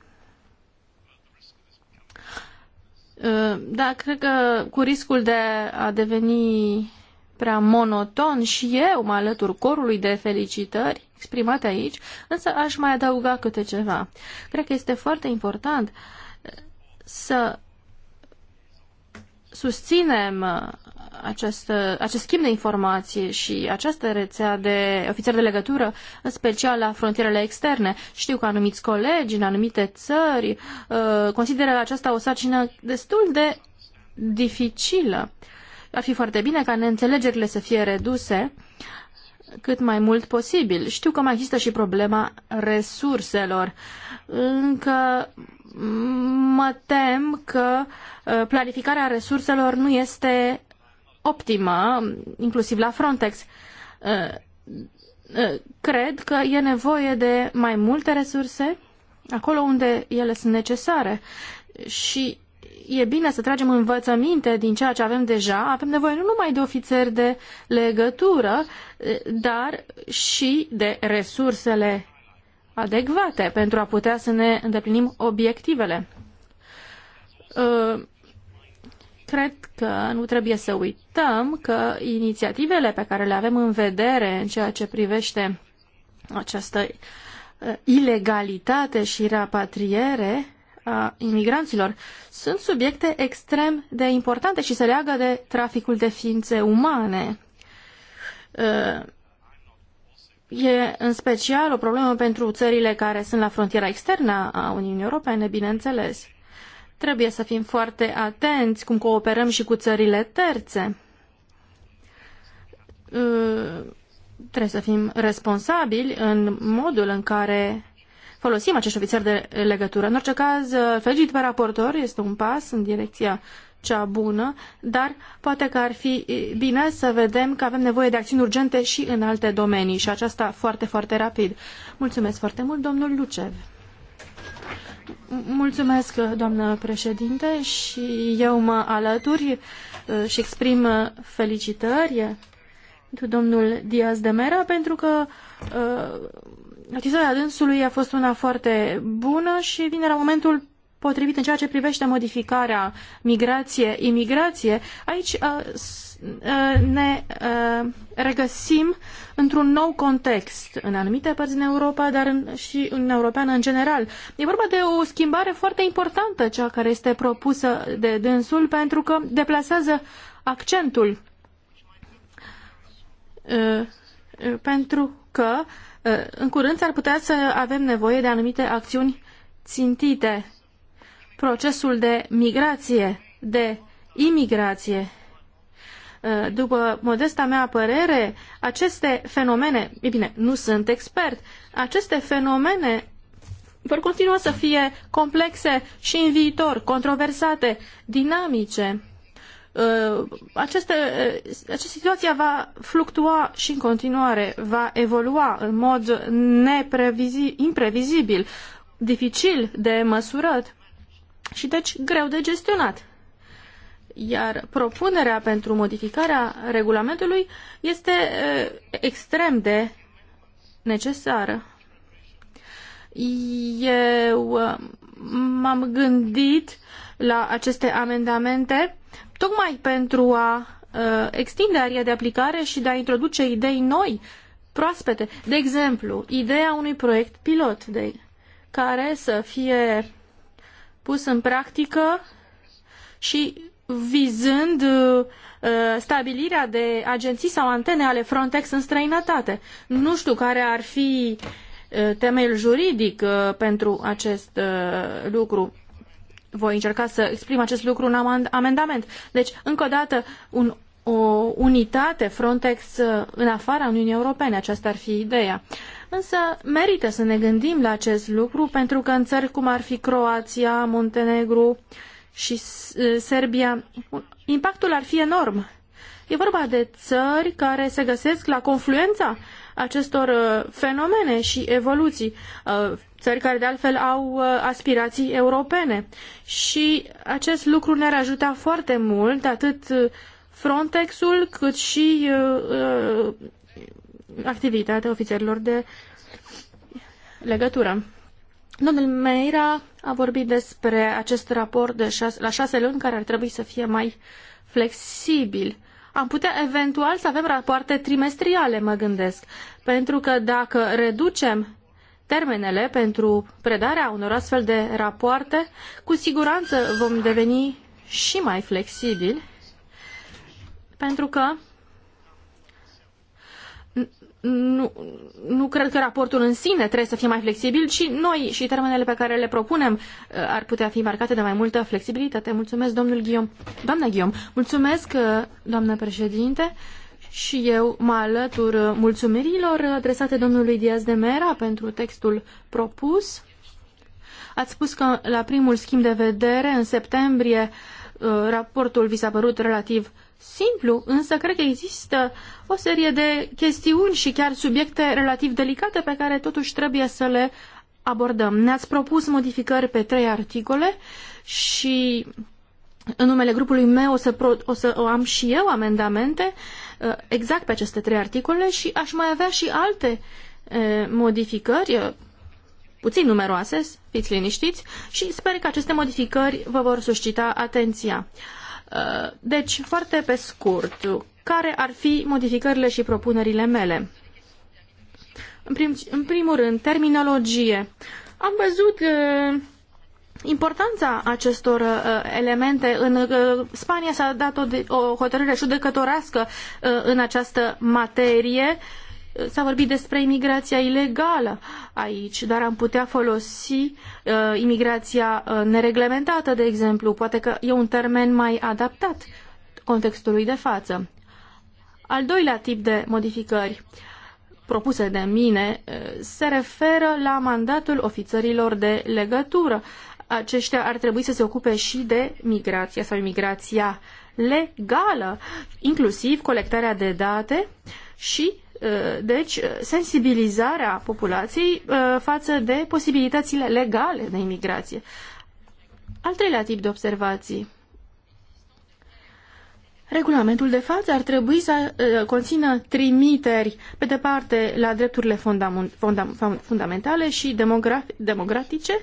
Speaker 7: Da, cred că cu riscul de a deveni prea monoton și eu mă alătur corului de felicitări exprimate aici, însă aș mai adăuga câte ceva. Cred că este foarte important uh, să susținem uh, acest, uh, acest schimb de informații și această rețea de ofițeri de legătură, în special la frontierele externe. Știu că anumiți colegi în anumite țări consideră aceasta o sarcină destul de dificilă. Uh, ar fi foarte bine ca neînțelegerile să fie reduse cât mai mult posibil. Știu că mai există și problema resurselor. Încă mă tem că uh, planificarea resurselor nu este optimă, inclusiv la Frontex. Uh, uh, cred că e nevoie de mai multe resurse acolo unde ele sunt necesare și e bine să tragem învățăminte din ceea ce avem deja. Avem nevoie nu numai de ofițeri de legătură, dar și de resursele adecvate pentru a putea să ne îndeplinim obiectivele. Uh, cred că nu trebuie să uităm că inițiativele pe care le avem în vedere în ceea ce privește această uh, ilegalitate și rapatriere a imigranților sunt subiecte extrem de importante și se leagă de traficul de ființe umane. E în special o problemă pentru țările care sunt la frontiera externă a Uniunii Europene, bineînțeles. Trebuie să fim foarte atenți cum cooperăm și cu țările terțe. Trebuie să fim responsabili în modul în care folosim acești ofițeri de legătură. În orice caz, uh, felicit pe raportor, este un pas în direcția cea bună, dar poate că ar fi bine să vedem că avem nevoie de acțiuni urgente și în alte domenii și aceasta foarte, foarte rapid. Mulțumesc foarte mult, domnul Lucev. Mulțumesc, doamnă președinte, și eu mă alături și exprim felicitări domnul Diaz de Mera pentru că Scrisoarea dânsului a fost una foarte bună și vine la momentul potrivit în ceea ce privește modificarea migrație-imigrație. Aici uh, uh, ne uh, regăsim într-un nou context în anumite părți din Europa, dar în, și în Europeană în general. E vorba de o schimbare foarte importantă, cea care este propusă de dânsul, pentru că deplasează accentul. Pentru că în curând ar putea să avem nevoie de anumite acțiuni țintite. Procesul de migrație, de imigrație. După modesta mea părere, aceste fenomene, e bine, nu sunt expert, aceste fenomene vor continua să fie complexe și în viitor, controversate, dinamice Uh, aceste, uh, această situație va fluctua și în continuare, va evolua în mod imprevizibil, dificil de măsurat și deci greu de gestionat. Iar propunerea pentru modificarea regulamentului este uh, extrem de necesară. Eu m-am gândit la aceste amendamente tocmai pentru a uh, extinde aria de aplicare și de a introduce idei noi, proaspete. De exemplu, ideea unui proiect pilot de, care să fie pus în practică și vizând uh, uh stabilirea de agenții sau antene ale Frontex în străinătate. Nu știu care ar fi uh, temeiul juridic uh, pentru acest uh, lucru voi încerca să exprim acest lucru în amendament. Deci, încă o dată, un, o unitate Frontex uh, în afara Uniunii Europene, aceasta ar fi ideea. Însă merită să ne gândim la acest lucru pentru că în țări cum ar fi Croația, Montenegru și uh, Serbia, impactul ar fi enorm. E vorba de țări care se găsesc la confluența acestor uh, fenomene și evoluții țări care de altfel au uh, aspirații europene. Și acest lucru ne-ar ajuta foarte mult, atât uh, Frontexul, cât și uh, uh, activitatea ofițerilor de legătură. Domnul Meira a vorbit despre acest raport de șase, la șase luni care ar trebui să fie mai flexibil. Am putea eventual să avem rapoarte trimestriale, mă gândesc, pentru că dacă reducem termenele pentru predarea unor astfel de rapoarte, cu siguranță vom deveni și mai flexibili, pentru că nu, nu cred că raportul în sine trebuie să fie mai flexibil, ci noi și termenele pe care le propunem uh, ar putea fi marcate de mai multă flexibilitate. Mulțumesc, domnul Ghiom. Doamna Ghiom, mulțumesc, uh, doamnă președinte. Și eu mă alătur mulțumirilor adresate domnului Diaz de Mera pentru textul propus. Ați spus că la primul schimb de vedere, în septembrie, uh, raportul vi s-a părut relativ simplu, însă cred că există o serie de chestiuni și chiar subiecte relativ delicate pe care totuși trebuie să le abordăm. Ne-ați propus modificări pe trei articole și în numele grupului meu o să, pro, o să o am și eu amendamente uh, Uh, exact pe aceste trei articole și aș mai avea și alte uh, modificări, uh, puțin numeroase, fiți liniștiți, și sper că aceste modificări vă vor suscita atenția. Deci, foarte pe scurt, care ar fi modificările și propunerile mele? În, prim, în primul rând, terminologie. Am văzut importanța acestor uh, elemente. În uh, Spania s-a dat o, o hotărâre judecătorească uh, în această materie. S-a vorbit despre imigrația ilegală aici, dar am putea folosi uh, imigrația uh, nereglementată, de exemplu. Poate că e un termen mai adaptat contextului de față. Al doilea tip de modificări propuse de mine se referă la mandatul ofițerilor de legătură aceștia ar trebui să se ocupe și de migrația sau imigrația legală, inclusiv colectarea de date și uh, deci sensibilizarea populației uh, față de posibilitățile legale de imigrație. Al treilea tip de observații. Regulamentul de față ar trebui să uh, conțină trimiteri, pe de parte, la drepturile fundamentale și demografice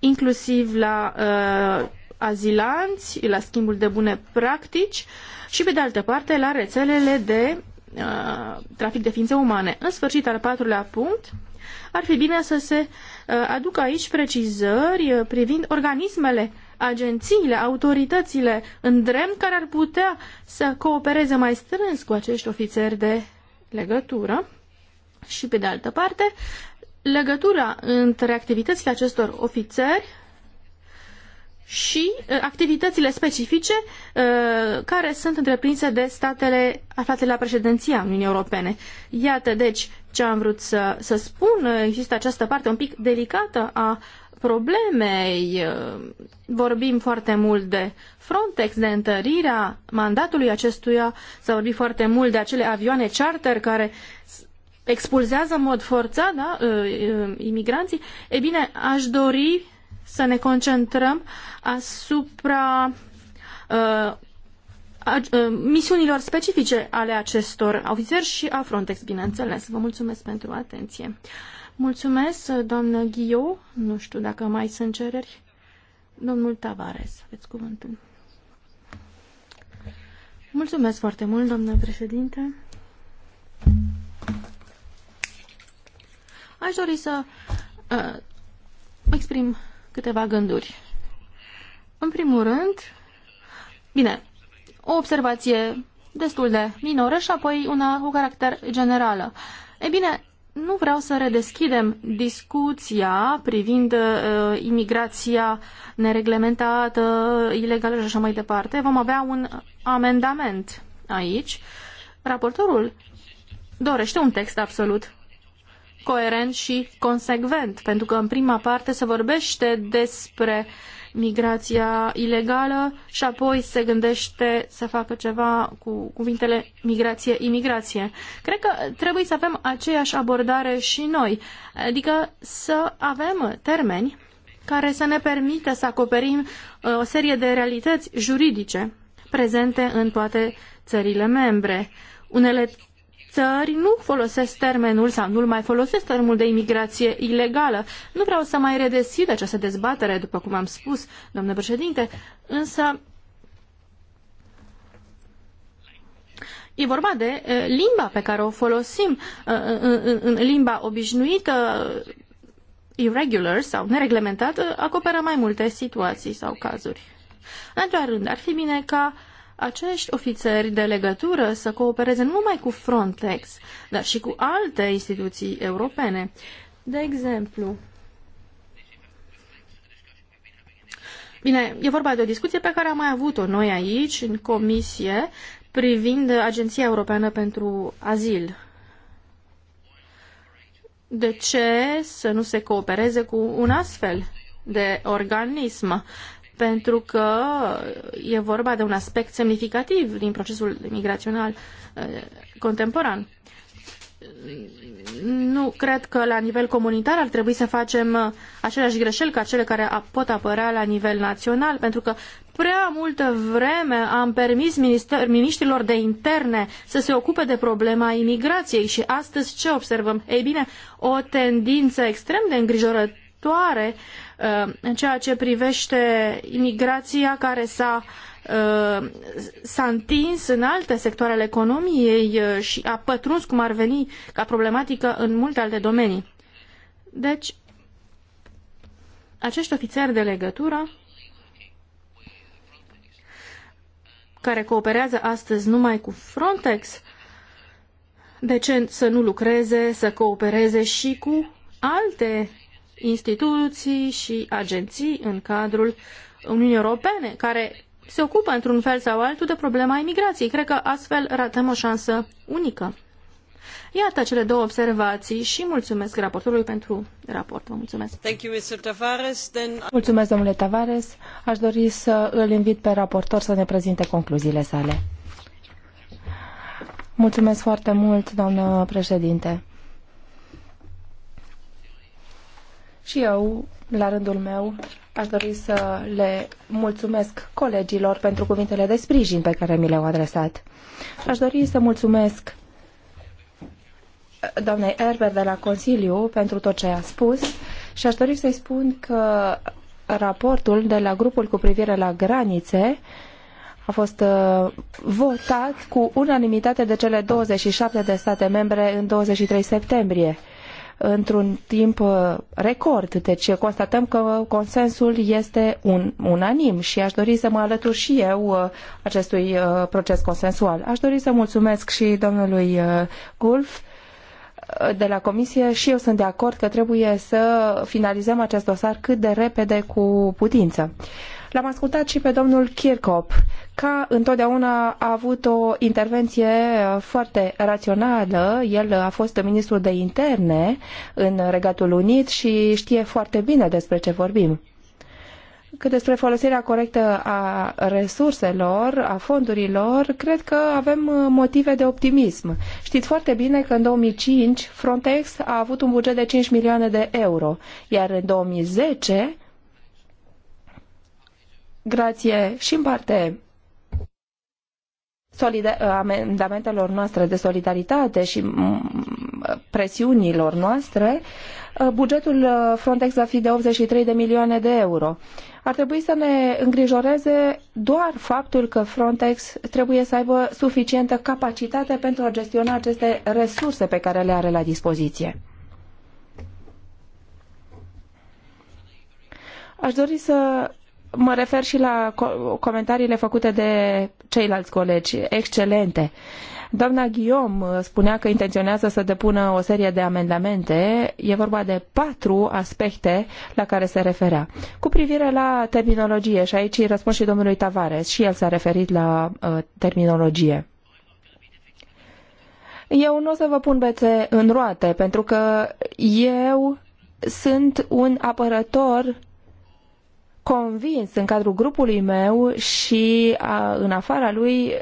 Speaker 7: inclusiv la uh, azilanți, la schimbul de bune practici și, pe de altă parte, la rețelele de uh, trafic de ființe umane. În sfârșit, al patrulea punct, ar fi bine să se uh, aducă aici precizări uh, privind organismele, agențiile, autoritățile în drept care ar putea să coopereze mai strâns cu acești ofițeri de legătură. Și pe de altă parte, legătura între activitățile acestor ofițeri și uh, activitățile specifice uh, care sunt întreprinse de statele aflate la președinția Uniunii Europene. Iată, deci, ce am vrut să, să spun. Există această parte un pic delicată a problemei. Uh, vorbim foarte mult de Frontex, de întărirea mandatului acestuia, s-a vorbit foarte mult de acele avioane charter care expulzează în mod forțat da, uh, uh, imigranții, e bine, aș dori să ne concentrăm asupra uh, a, a, misiunilor specifice ale acestor ofițeri și a Frontex, bineînțeles. Vă mulțumesc pentru atenție. Mulțumesc, doamnă Ghiu. Nu știu dacă mai sunt cereri. Domnul Tavares, aveți cuvântul. Mulțumesc foarte mult, doamnă președinte. Aș dori să uh, exprim câteva gânduri. În primul rând, bine, o observație destul de minoră și apoi una cu caracter generală. E bine, nu vreau să redeschidem discuția privind uh, imigrația nereglementată, ilegală și așa mai departe. Vom avea un amendament aici. Raportorul dorește un text absolut coerent și consecvent, pentru că în prima parte se vorbește despre migrația ilegală și apoi se gândește să facă ceva cu cuvintele migrație, imigrație. Cred că trebuie să avem aceeași abordare și noi, adică să avem termeni care să ne permită să acoperim uh, o serie de realități juridice prezente în toate țările membre. Unele țări nu folosesc termenul sau nu mai folosesc termenul de imigrație ilegală. Nu vreau să mai redeschid această dezbatere, după cum am spus, domnule președinte, însă E vorba de limba pe care o folosim în limba obișnuită, irregular sau nereglementată, acoperă mai multe situații sau cazuri. În al rând, ar fi bine ca uh, acești ofițeri de legătură să coopereze nu numai cu Frontex, dar și cu alte instituții europene. De exemplu, Bine, e vorba de o discuție pe care am mai avut-o noi aici, în comisie, privind Agenția Europeană pentru Azil. De ce să nu se coopereze cu un astfel de organism? pentru că e vorba de un aspect semnificativ din procesul migrațional eh, contemporan. Nu cred că la nivel comunitar ar trebui să facem eh, aceleași greșeli ca cele care pot apărea la nivel național, pentru că prea multă vreme am permis minister, miniștrilor de interne să se ocupe de problema imigrației și astăzi ce observăm? Ei bine, o tendință extrem de îngrijorătoare viitoare uh, în ceea ce privește imigrația care s-a uh, s-a întins în alte sectoare ale economiei uh, și a pătruns cum ar veni ca problematică în multe alte domenii. Deci, acești ofițeri de legătură care cooperează astăzi numai cu Frontex, de ce să nu lucreze, să coopereze și cu alte instituții și agenții în cadrul Uniunii Europene, care se ocupă într-un fel sau altul de problema imigrației. Cred că astfel ratăm o șansă unică. Iată cele două observații și mulțumesc raportorului pentru raport. Vă mulțumesc.
Speaker 2: Thank you, Mr. Tavares. Then...
Speaker 3: Mulțumesc, domnule Tavares. Aș dori să îl invit pe raportor să ne prezinte concluziile sale. Mulțumesc foarte mult, doamnă președinte. Și eu, la rândul meu, aș dori să le mulțumesc colegilor pentru cuvintele de sprijin pe care mi le-au adresat. Aș dori să mulțumesc eh, doamnei Erber de la Consiliu pentru tot ce a spus și aș dori să-i spun că raportul de la grupul cu privire la granițe a fost eh, votat cu unanimitate de cele 27 de state membre în 23 septembrie într-un timp uh, record. Deci uh, constatăm că consensul este un, unanim și aș dori să mă alătur și eu uh, acestui proces consensual. Aș dori să mulțumesc și domnului Gulf de la Comisie și eu sunt de acord că trebuie să finalizăm acest dosar cât de repede cu putință. L-am ascultat și pe domnul Kirchhoff ca întotdeauna a avut o intervenție uh, foarte rațională. El uh, a fost ministrul de interne în Regatul Unit și știe foarte bine despre ce vorbim. Cât despre folosirea corectă a resurselor, a fondurilor, cred că avem uh, motive de optimism. Știți foarte bine că în 2005 Frontex a avut un buget de 5 milioane de euro, iar în 2010 grație și în parte amendamentelor noastre de solidaritate și mm, presiunilor noastre, uh, bugetul uh, Frontex va fi de 83 de milioane de euro. Ar trebui să ne îngrijoreze doar faptul că Frontex trebuie să aibă suficientă capacitate pentru a gestiona aceste resurse pe care le are la dispoziție. Aș dori să mă refer și la comentariile făcute de ceilalți colegi, excelente. Doamna Guillaume uh, spunea că intenționează să depună o serie de amendamente. E vorba de patru aspecte la care se referea. Cu privire la terminologie, și aici răspund și domnului Tavares, și el s-a referit la uh, terminologie. Eu nu o să vă pun bețe în roate, pentru că eu sunt un apărător convins în cadrul grupului meu și a, în afara lui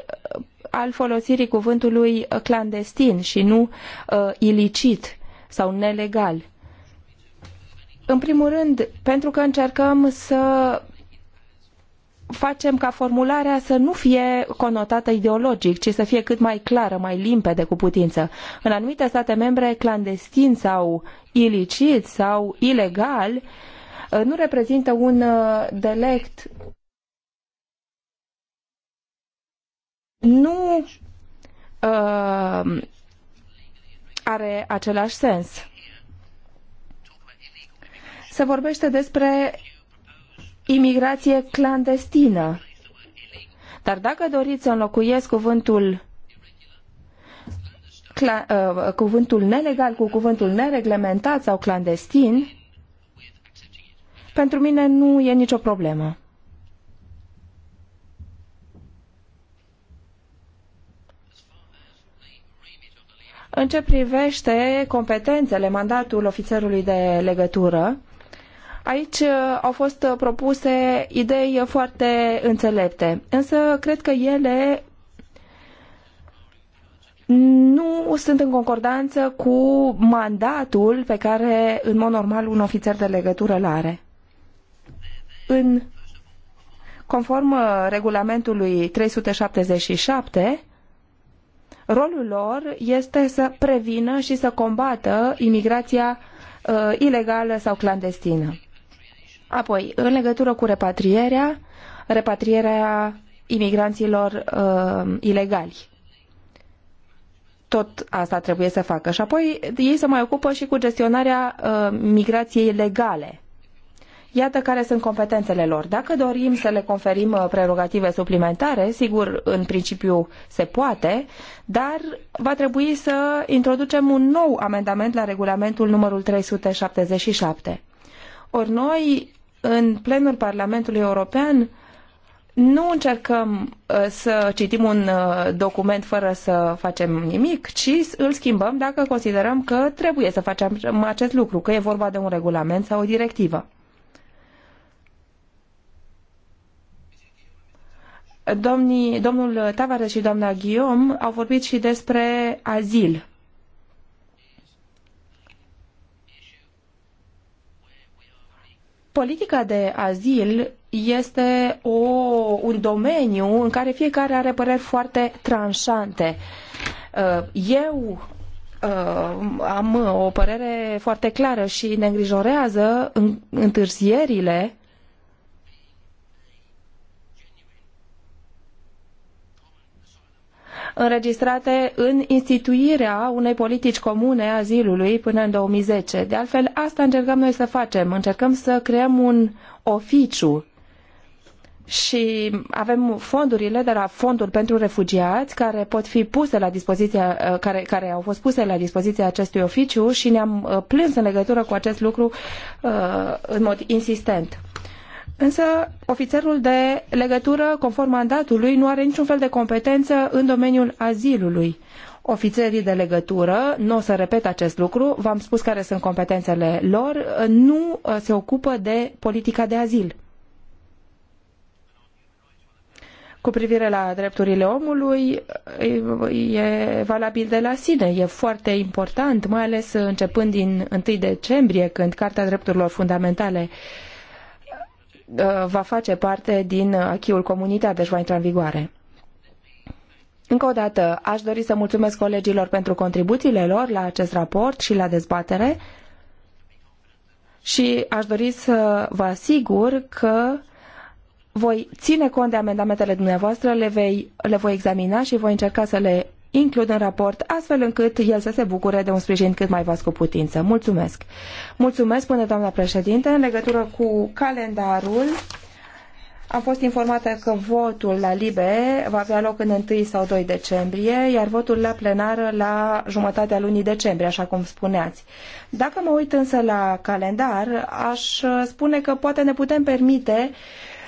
Speaker 3: al folosirii cuvântului clandestin și nu ă, ilicit sau nelegal. În primul rând, pentru că încercăm să facem ca formularea să nu fie conotată ideologic, ci să fie cât mai clară, mai limpede cu putință. În anumite state membre, clandestin sau ilicit sau ilegal uh, Uh, nu reprezintă un uh, delect. Nu uh, are același sens. Se vorbește despre imigrație clandestină. Dar dacă doriți să înlocuiesc cuvântul uh, cuvântul nelegal cu cuvântul nereglementat sau clandestin, pentru mine nu e nicio problemă. În ce privește competențele, mandatul ofițerului de legătură, aici uh, au fost uh, propuse idei uh, foarte înțelepte, însă cred că ele nu sunt în concordanță cu mandatul pe care, în mod normal, un ofițer de legătură îl are în conform uh, regulamentului 377, rolul lor este să prevină și să combată imigrația uh, ilegală sau clandestină. Apoi, în legătură cu repatrierea, repatrierea imigranților uh, ilegali. Tot asta trebuie să facă. Și apoi ei se mai ocupă și cu gestionarea uh, migrației legale Iată care sunt competențele lor. Dacă dorim să le conferim uh, prerogative suplimentare, sigur, în principiu se poate, dar va trebui să introducem un nou amendament la regulamentul numărul 377. Ori noi, în plenul Parlamentului European, nu încercăm uh, să citim un uh, document fără să facem nimic, ci îl schimbăm dacă considerăm că trebuie să facem acest lucru, că e vorba de un regulament sau o directivă. domnii, domnul Tavares și doamna Guillaume au vorbit și despre azil. Politica de azil este o, un domeniu în care fiecare are păreri foarte tranșante. Uh, eu uh, am o părere foarte clară și ne îngrijorează întârzierile înregistrate în instituirea unei politici comune a azilului până în 2010. De altfel, asta încercăm noi să facem. Încercăm să creăm un oficiu și avem fondurile de la Fondul pentru Refugiați care pot fi puse la dispoziția, uh, care, care au fost puse la dispoziția acestui oficiu și ne-am uh, plâns în legătură cu acest lucru uh, în mod insistent. Însă, ofițerul de legătură, conform mandatului, nu are niciun fel de competență în domeniul azilului. Ofițerii de legătură, nu o să repet acest lucru, v-am spus care sunt competențele lor, nu uh, se ocupă de politica de azil. Cu privire la drepturile omului, uh, e valabil de la sine, e foarte important, mai ales începând din 1 decembrie, când Carta Drepturilor Fundamentale uh, Uh, va face parte din achiul comunitar, deci va intra în vigoare. Încă o dată, aș dori să mulțumesc colegilor pentru contribuțiile lor la acest raport și la dezbatere și aș dori să vă asigur că voi ține cont de amendamentele dumneavoastră, le, vei, le voi examina și voi încerca să le includ în raport, astfel încât el să se bucure de un sprijin cât mai vast cu putință. Mulțumesc! Mulțumesc, spune doamna președinte, în legătură cu calendarul. Am fost informată că votul la LIBE va avea loc în 1 sau 2 decembrie, iar votul la plenară la jumătatea lunii decembrie, așa cum spuneați. Dacă mă uit însă la calendar, aș spune că poate ne putem permite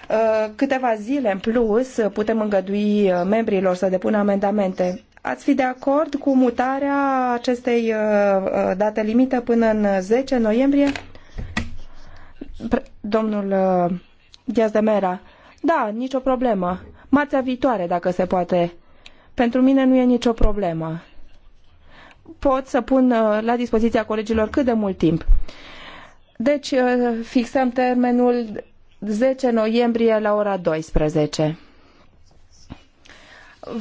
Speaker 3: uh, câteva zile în plus, putem îngădui uh, membrilor să depună amendamente Ați fi de acord cu mutarea acestei uh, uh, date limită până în 10 noiembrie? Domnul uh, Diaz de Mera, da, nicio problemă. Mația viitoare, dacă se poate. Pentru mine nu e nicio problemă. Pot să pun la dispoziția colegilor cât de mult timp. Deci fixăm termenul 10 noiembrie la ora 12.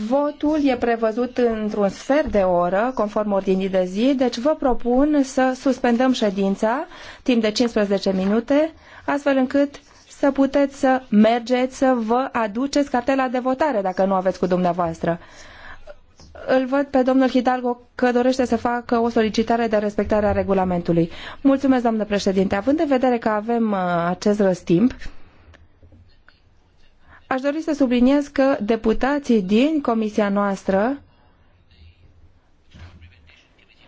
Speaker 3: Votul e prevăzut într-un sfert de oră, conform ordinii de zi, deci vă propun să suspendăm ședința timp de 15 minute, astfel încât să puteți să mergeți să vă aduceți cartela de votare, dacă nu aveți cu dumneavoastră. Îl văd pe domnul Hidalgo că dorește să facă o solicitare de respectare a regulamentului. Mulțumesc, doamnă președinte. Având în vedere că avem uh, acest răstimp, Aș dori să subliniez că deputații din comisia noastră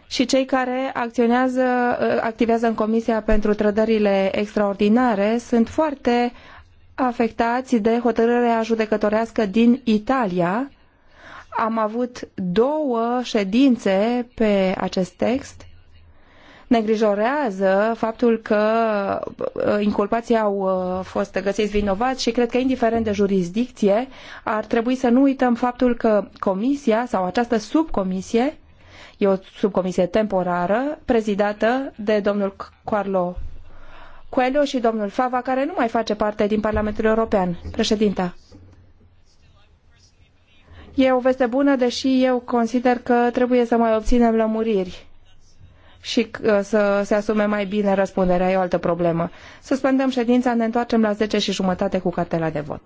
Speaker 3: și cei care acționează, uh, activează în Comisia pentru Trădările Extraordinare sunt foarte afectați de hotărârea judecătorească din Italia. Am avut două ședințe pe acest text ne îngrijorează faptul că uh, inculpații au uh, fost găsiți vinovați și cred că, indiferent de jurisdicție, ar trebui să nu uităm faptul că comisia sau această subcomisie e o subcomisie temporară prezidată de domnul Carlo Coelho și domnul Fava, care nu mai face parte din Parlamentul European. Președinta. E o veste bună, deși eu consider că trebuie să mai obținem lămuriri și uh, să se asume mai bine răspunderea. E o altă problemă. Suspendăm ședința, ne întoarcem la 10 și jumătate cu cartela de vot.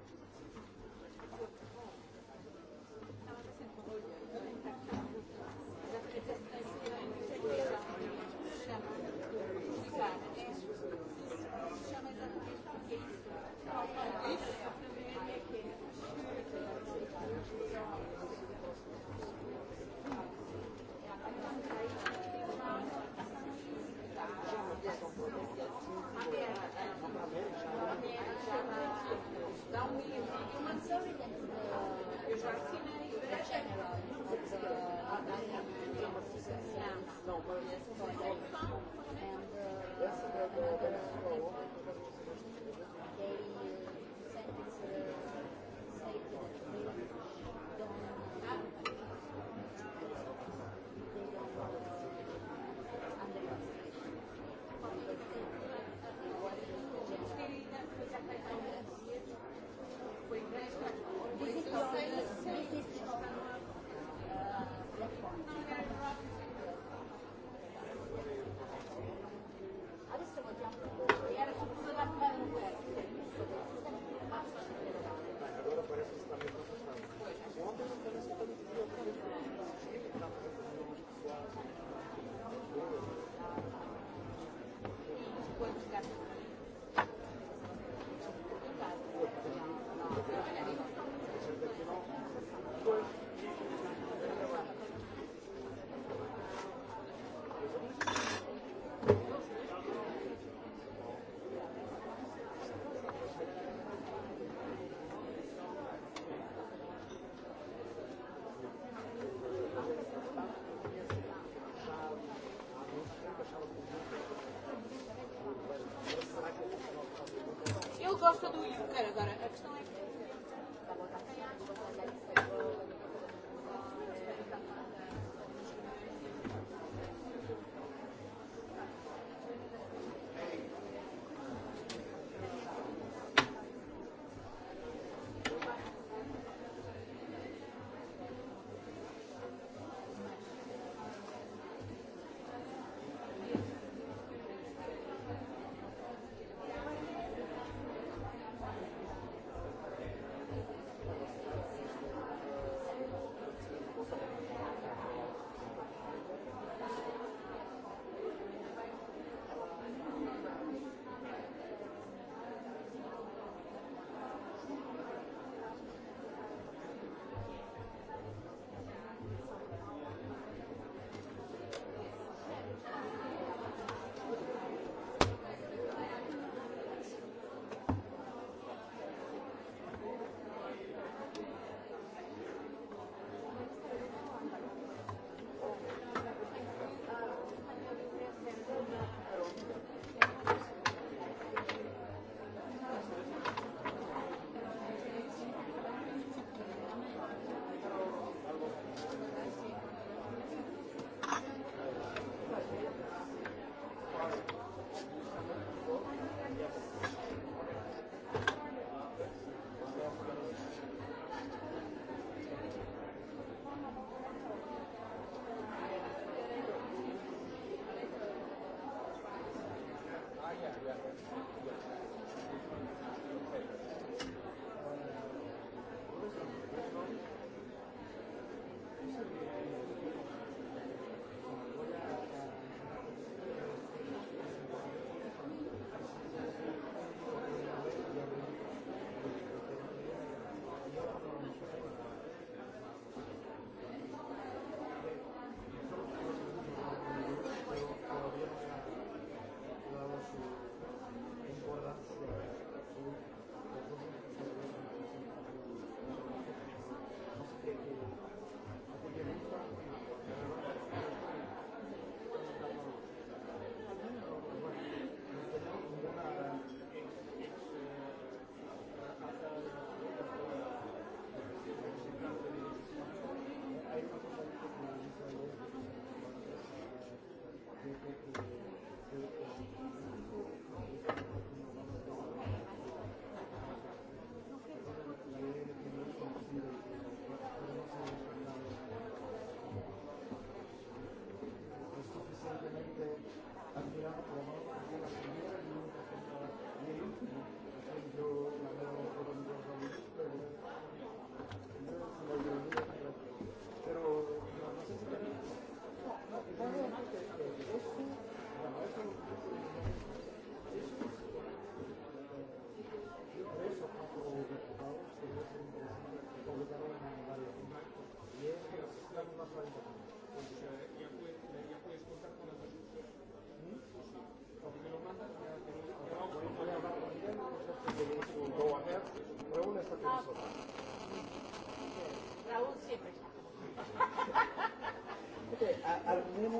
Speaker 5: Yes,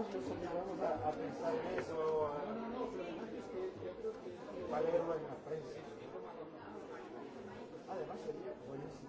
Speaker 5: muchos obligamos a, a pensar en a leerlo en Además sería buenísimo.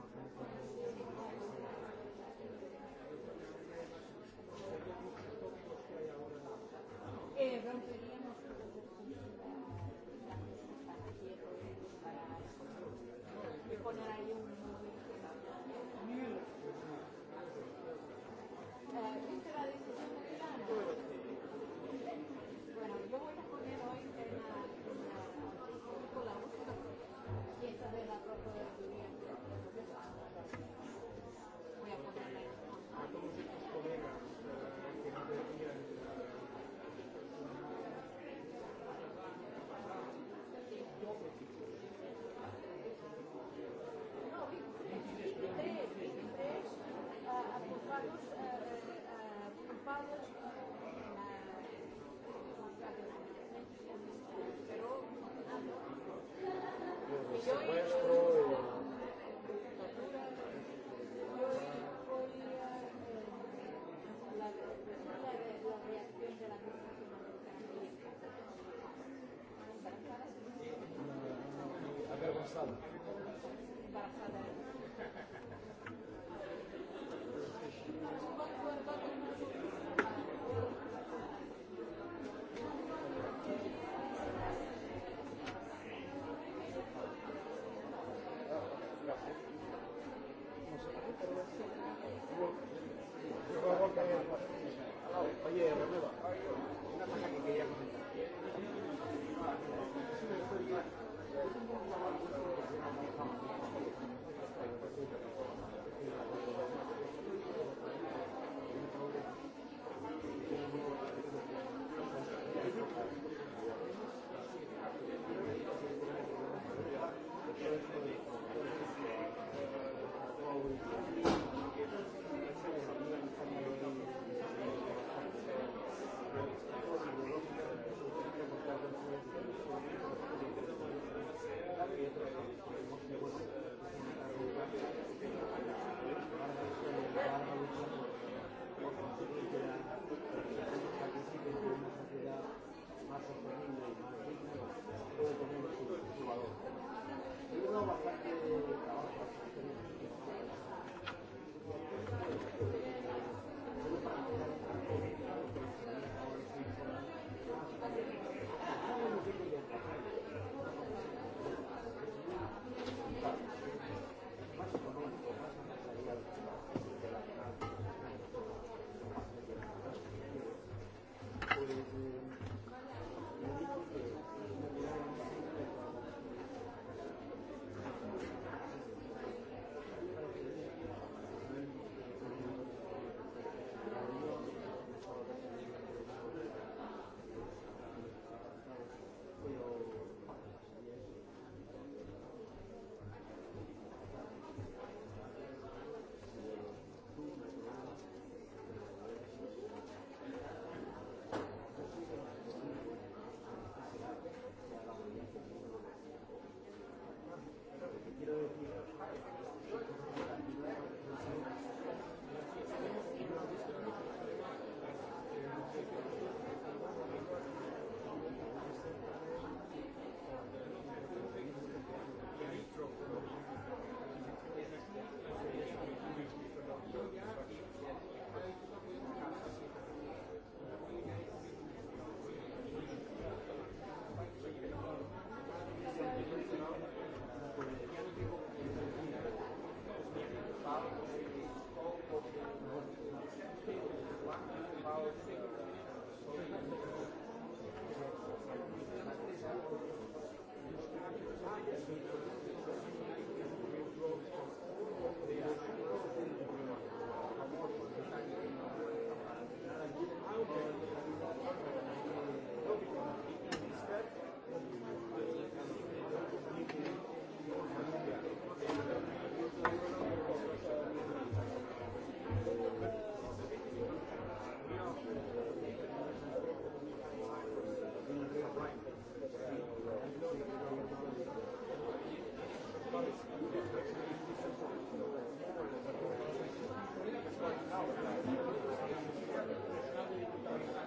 Speaker 5: Gracias.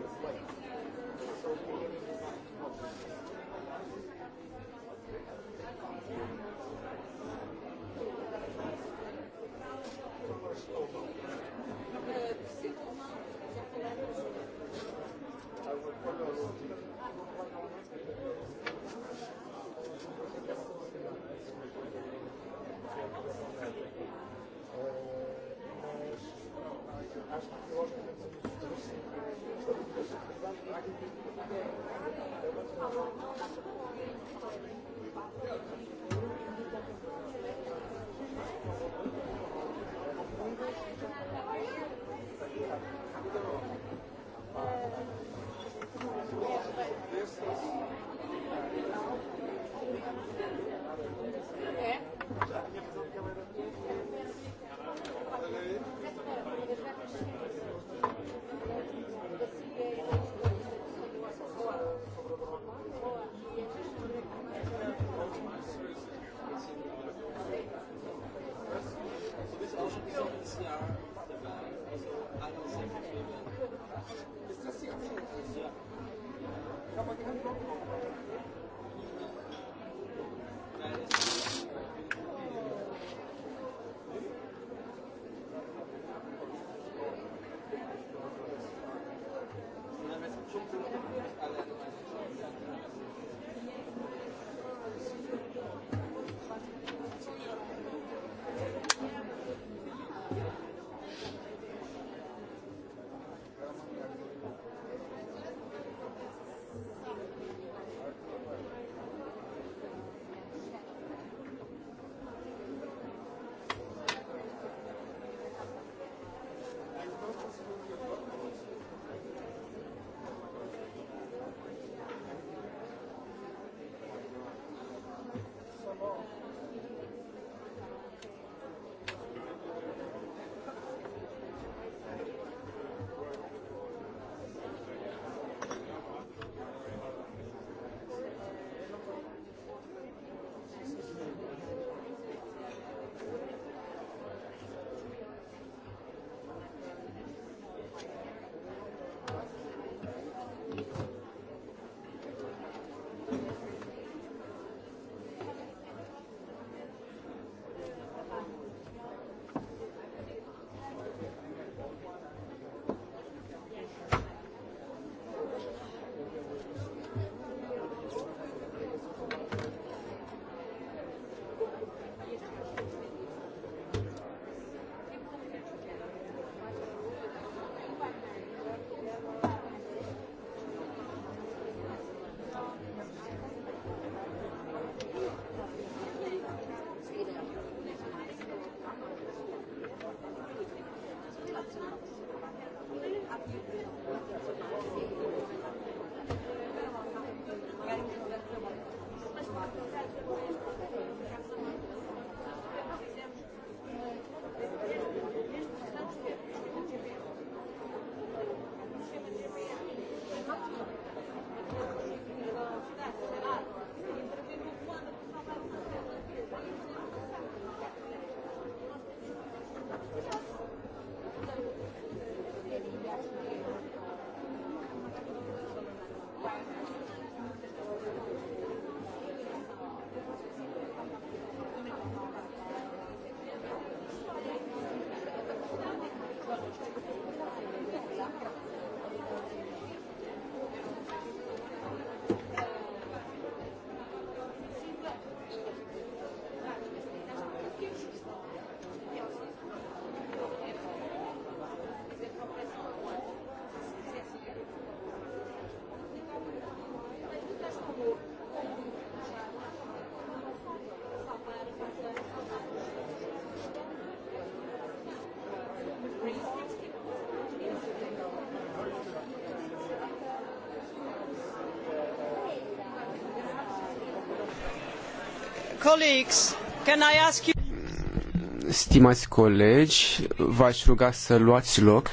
Speaker 6: Stimați colegi, v-aș ruga să luați loc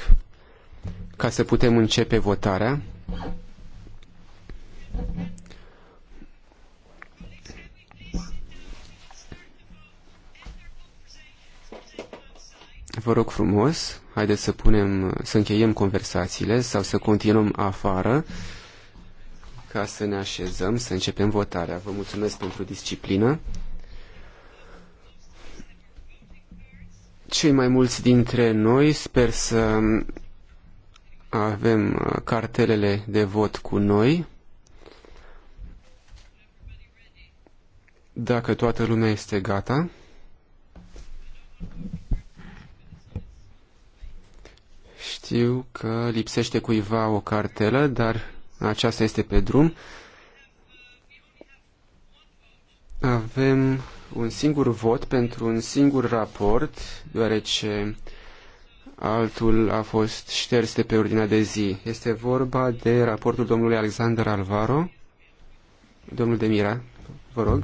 Speaker 6: ca să putem începe votarea. Vă rog frumos, haideți să punem, să încheiem conversațiile sau să continuăm afară ca să ne așezăm, să începem votarea. Vă mulțumesc pentru disciplină. Cei mai mulți dintre noi sper să avem uh, cartelele de vot cu noi. Dacă toată lumea este gata. Știu că lipsește cuiva o cartelă, dar aceasta este pe drum. Avem un singur vot pentru un singur raport, deoarece altul a fost șters de pe ordinea de zi. Este vorba de raportul domnului Alexander Alvaro. Domnul Demira, vă rog.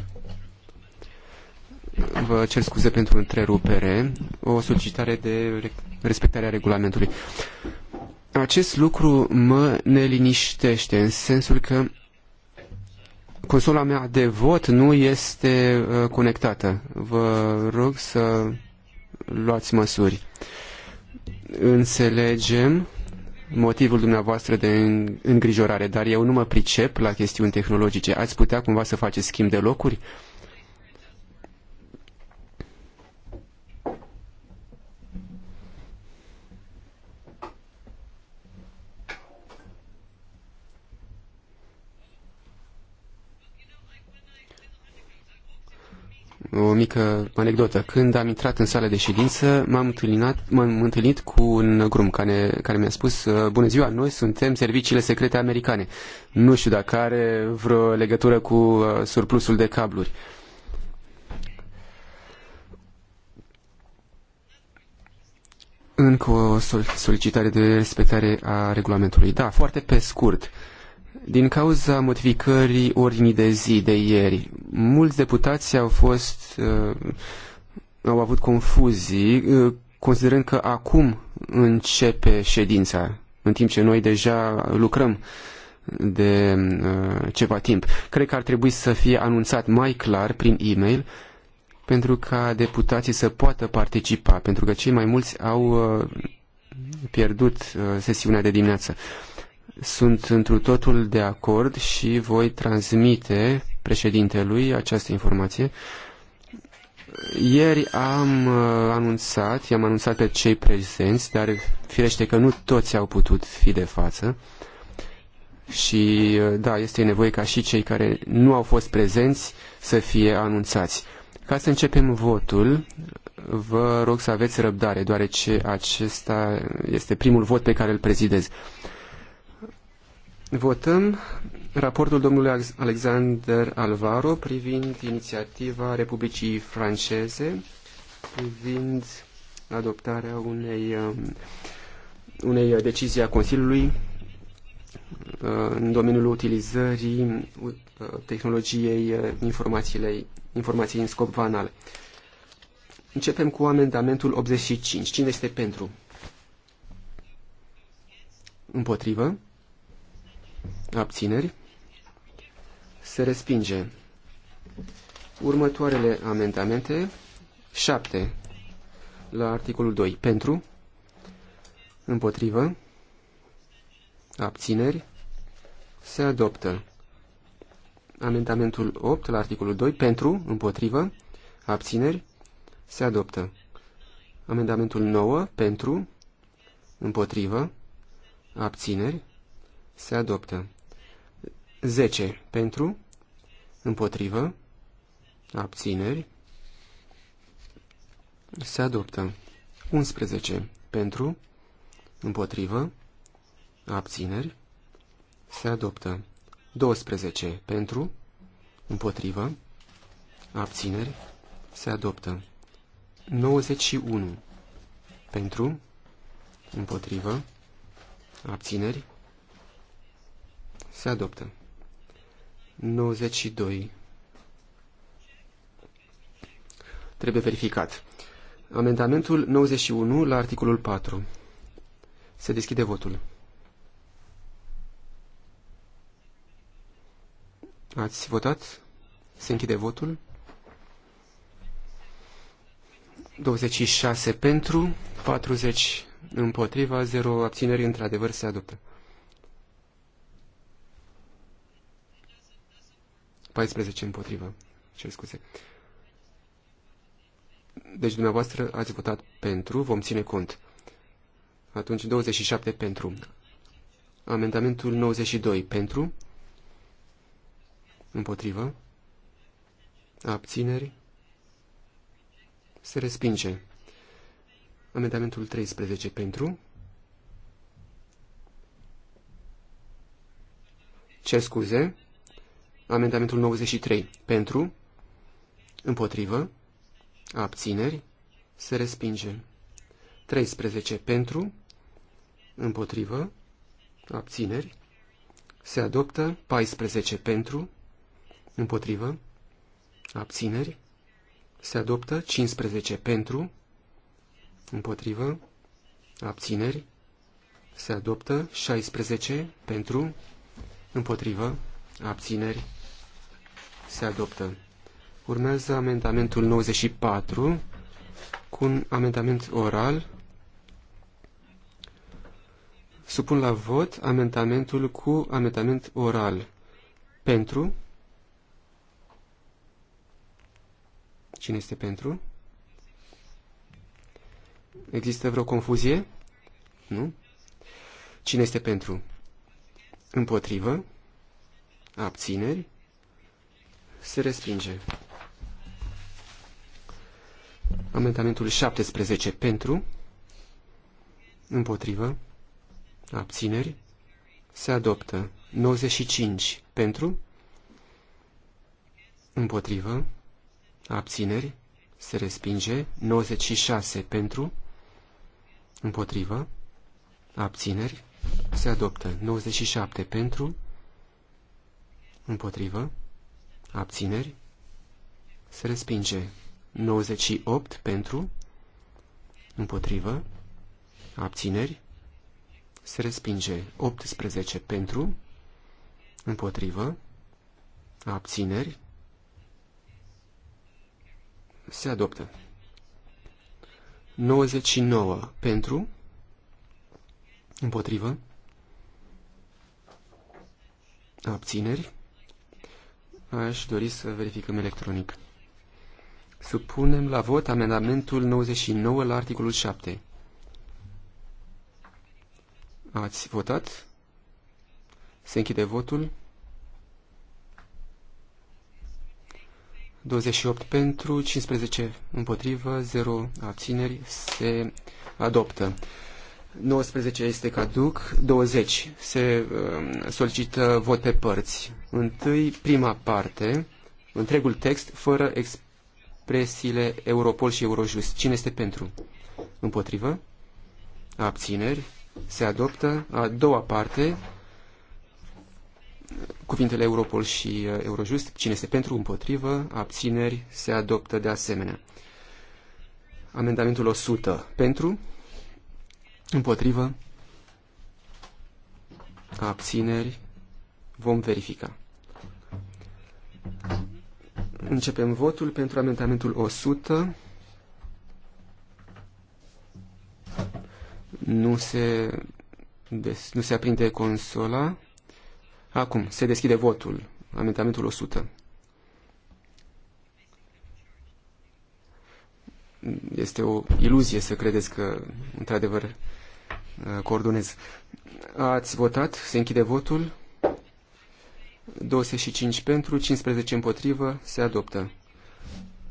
Speaker 6: Vă cer scuze pentru întrerupere. O solicitare de respectarea regulamentului. Acest lucru mă neliniștește în sensul că Consola mea de vot nu este uh, conectată. Vă rog să luați măsuri. Înțelegem motivul dumneavoastră de îngrijorare, dar eu nu mă pricep la chestiuni tehnologice. Ați putea cumva să faceți schimb de locuri? o mică anecdotă. Când am intrat în sala de ședință, m-am întâlnit, m-am întâlnit cu un grum care, care mi-a spus uh, Bună ziua, noi suntem serviciile secrete americane. Nu știu dacă are vreo legătură cu uh, surplusul de cabluri. Încă o solicitare de respectare a regulamentului. Da, foarte pe scurt. Uh, din cauza modificării ordinii de zi de ieri, mulți deputați au fost uh, au avut confuzii, uh, considerând că acum începe ședința, în timp ce noi deja lucrăm de uh, ceva timp. Cred că ar trebui să fie anunțat mai clar prin e-mail pentru ca deputații să poată participa, pentru că cei mai mulți au uh, pierdut uh, sesiunea de dimineață. Sunt întru totul de acord și voi transmite președintelui această informație. Ieri am uh, anunțat, i-am anunțat pe cei prezenți, dar firește că nu toți au putut fi de față. Și uh, da, este nevoie ca și cei care nu au fost prezenți să fie anunțați. Ca să începem votul, vă rog să aveți răbdare, deoarece acesta este primul vot pe care îl prezidez. Votăm raportul domnului Alexander Alvaro privind inițiativa Republicii Franceze, privind adoptarea unei, um, unei decizii a Consiliului uh, în domeniul utilizării uh, tehnologiei uh, informației, informației în scop banal. Începem cu amendamentul 85. Cine este pentru? Împotrivă? abțineri, se respinge. Următoarele amendamente, 7 la articolul 2, pentru, împotrivă, abțineri, se adoptă. Amendamentul 8 la articolul 2, pentru, împotrivă, abțineri, se adoptă. Amendamentul 9, pentru, împotrivă, abțineri, se adoptă. 10 pentru, împotrivă, abțineri, se adoptă. 11 pentru, împotrivă, abțineri, se adoptă. 12 pentru, împotrivă, abțineri, se adoptă. 91 pentru, împotrivă, abțineri, se adoptă. 92. Trebuie verificat. Amendamentul 91 la articolul 4. Se deschide votul. Ați votat? Se închide votul. 26 pentru, 40 împotriva, 0 abțineri, într-adevăr se adoptă. 14 împotrivă. Ce scuze. Deci dumneavoastră ați votat pentru, vom ține cont. Atunci 27 pentru. Amendamentul 92 pentru. Împotrivă. Abțineri. Se respinge. Amendamentul 13 pentru. Cer scuze. Amendamentul 93. Pentru, împotrivă, abțineri, se respinge. 13. Pentru, împotrivă, abțineri, se adoptă. 14. Pentru, împotrivă, abțineri, se adoptă. 15. Pentru, împotrivă, abțineri, se adoptă. 16. Pentru, împotrivă, abțineri, se adoptă. Urmează amendamentul 94 cu un amendament oral. Supun la vot amendamentul cu amendament oral. Pentru. Cine este pentru? Există vreo confuzie? Nu? Cine este pentru? Împotrivă? Abțineri? se respinge. Amendamentul 17 pentru, împotrivă, abțineri, se adoptă. 95 pentru, împotrivă, abțineri, se respinge. 96 pentru, împotrivă, abțineri, se adoptă. 97 pentru, împotrivă, abțineri, se respinge. 98 pentru, împotrivă, abțineri, se respinge. 18 pentru, împotrivă, abțineri, se adoptă. 99 pentru, împotrivă, abțineri, Aș dori să verificăm electronic. Supunem la vot amendamentul 99 la articolul 7. Ați votat? Se închide votul. 28 pentru, 15 împotrivă, 0 abțineri, se adoptă. 19 este caduc, 20 se um, solicită vot pe părți. Întâi, prima parte, întregul text, fără expresiile Europol și Eurojust. Cine este pentru? Împotrivă? Abțineri? Se adoptă a doua parte, cuvintele Europol și uh, Eurojust. Cine este pentru? Împotrivă? Abțineri? Se adoptă de asemenea. Amendamentul 100. Pentru? Împotrivă. Abțineri. Vom verifica. Începem votul pentru amendamentul 100. Nu se, des, nu se aprinde consola. Acum se deschide votul. Amendamentul 100. Este o iluzie să credeți că, într-adevăr, Uh, coordonez. Ați votat, se închide votul. 25 pentru, 15 împotrivă, se adoptă.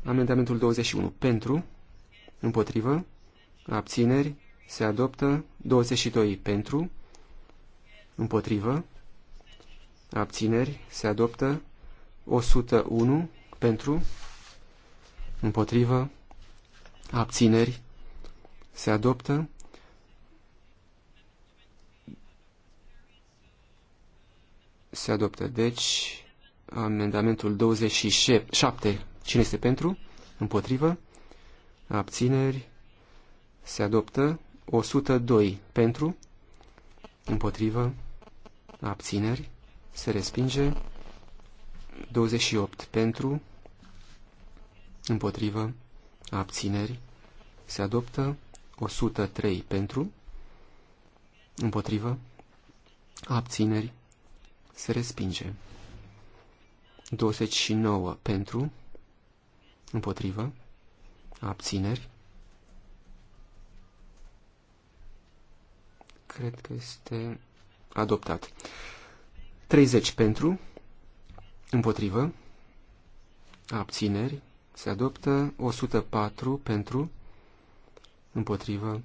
Speaker 6: Amendamentul 21 pentru, împotrivă, abțineri, se adoptă. 22 pentru, împotrivă, abțineri, se adoptă. 101 pentru, împotrivă, abțineri, se adoptă. se adoptă. Deci, amendamentul 27. Cine este pentru? Împotrivă? Abțineri? Se adoptă. 102 pentru? Împotrivă? Abțineri? Se respinge. 28 pentru? Împotrivă? Abțineri? Se adoptă. 103 pentru? Împotrivă? Abțineri? se respinge. 29 pentru, împotrivă, abțineri. Cred că este adoptat. 30 pentru, împotrivă, abțineri. Se adoptă 104 pentru, împotrivă,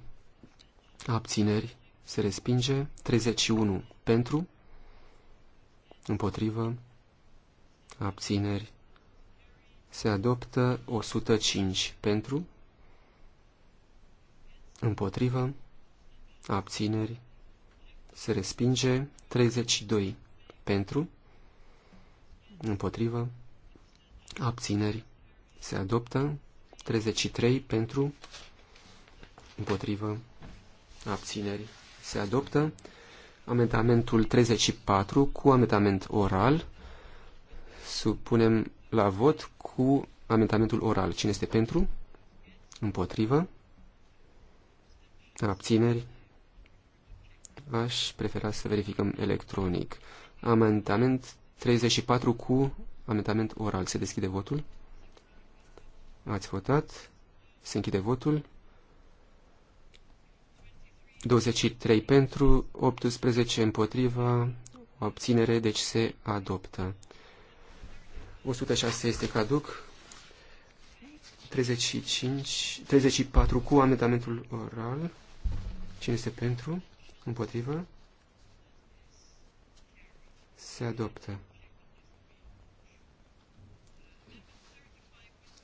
Speaker 6: abțineri. Se respinge 31 pentru, împotrivă, abțineri, se adoptă 105 pentru, împotrivă, abțineri, se respinge 32 pentru, împotrivă, abțineri, se adoptă 33 pentru, împotrivă, abțineri, se adoptă amendamentul 34 cu amendament oral. Supunem la vot cu amendamentul oral. Cine este pentru? Împotrivă? Abțineri? Aș prefera să verificăm electronic. Amendament 34 cu amendament oral. Se deschide votul. Ați votat. Se închide votul. 23 pentru, 18 împotriva, obținere, deci se adoptă. 106 este caduc, 35, 34 cu amendamentul oral. Cine este pentru? Împotrivă? Se adoptă.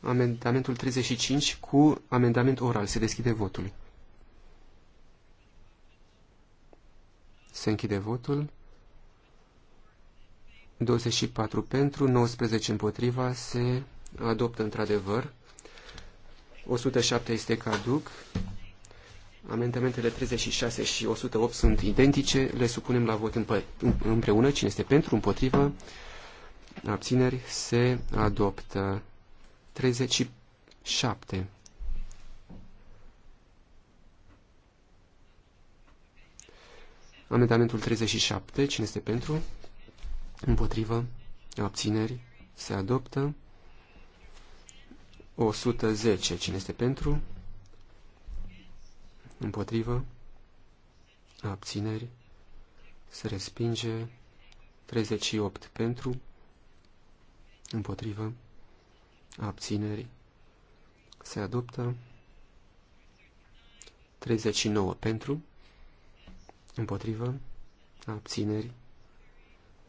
Speaker 6: Amendamentul 35 cu amendament oral. Se deschide votul. Se închide votul. 24 pentru, 19 împotriva, se adoptă într-adevăr. 107 este caduc. Amendamentele 36 și 108 sunt identice. Le supunem la vot împreună. Cine este pentru, împotriva, abțineri, se adoptă. 37. Amendamentul 37. Cine este pentru? Împotrivă. Abțineri. Se adoptă. 110. Cine este pentru? Împotrivă. Abțineri. Se respinge. 38 pentru. Împotrivă. Abțineri. Se adoptă. 39 pentru împotrivă, abțineri,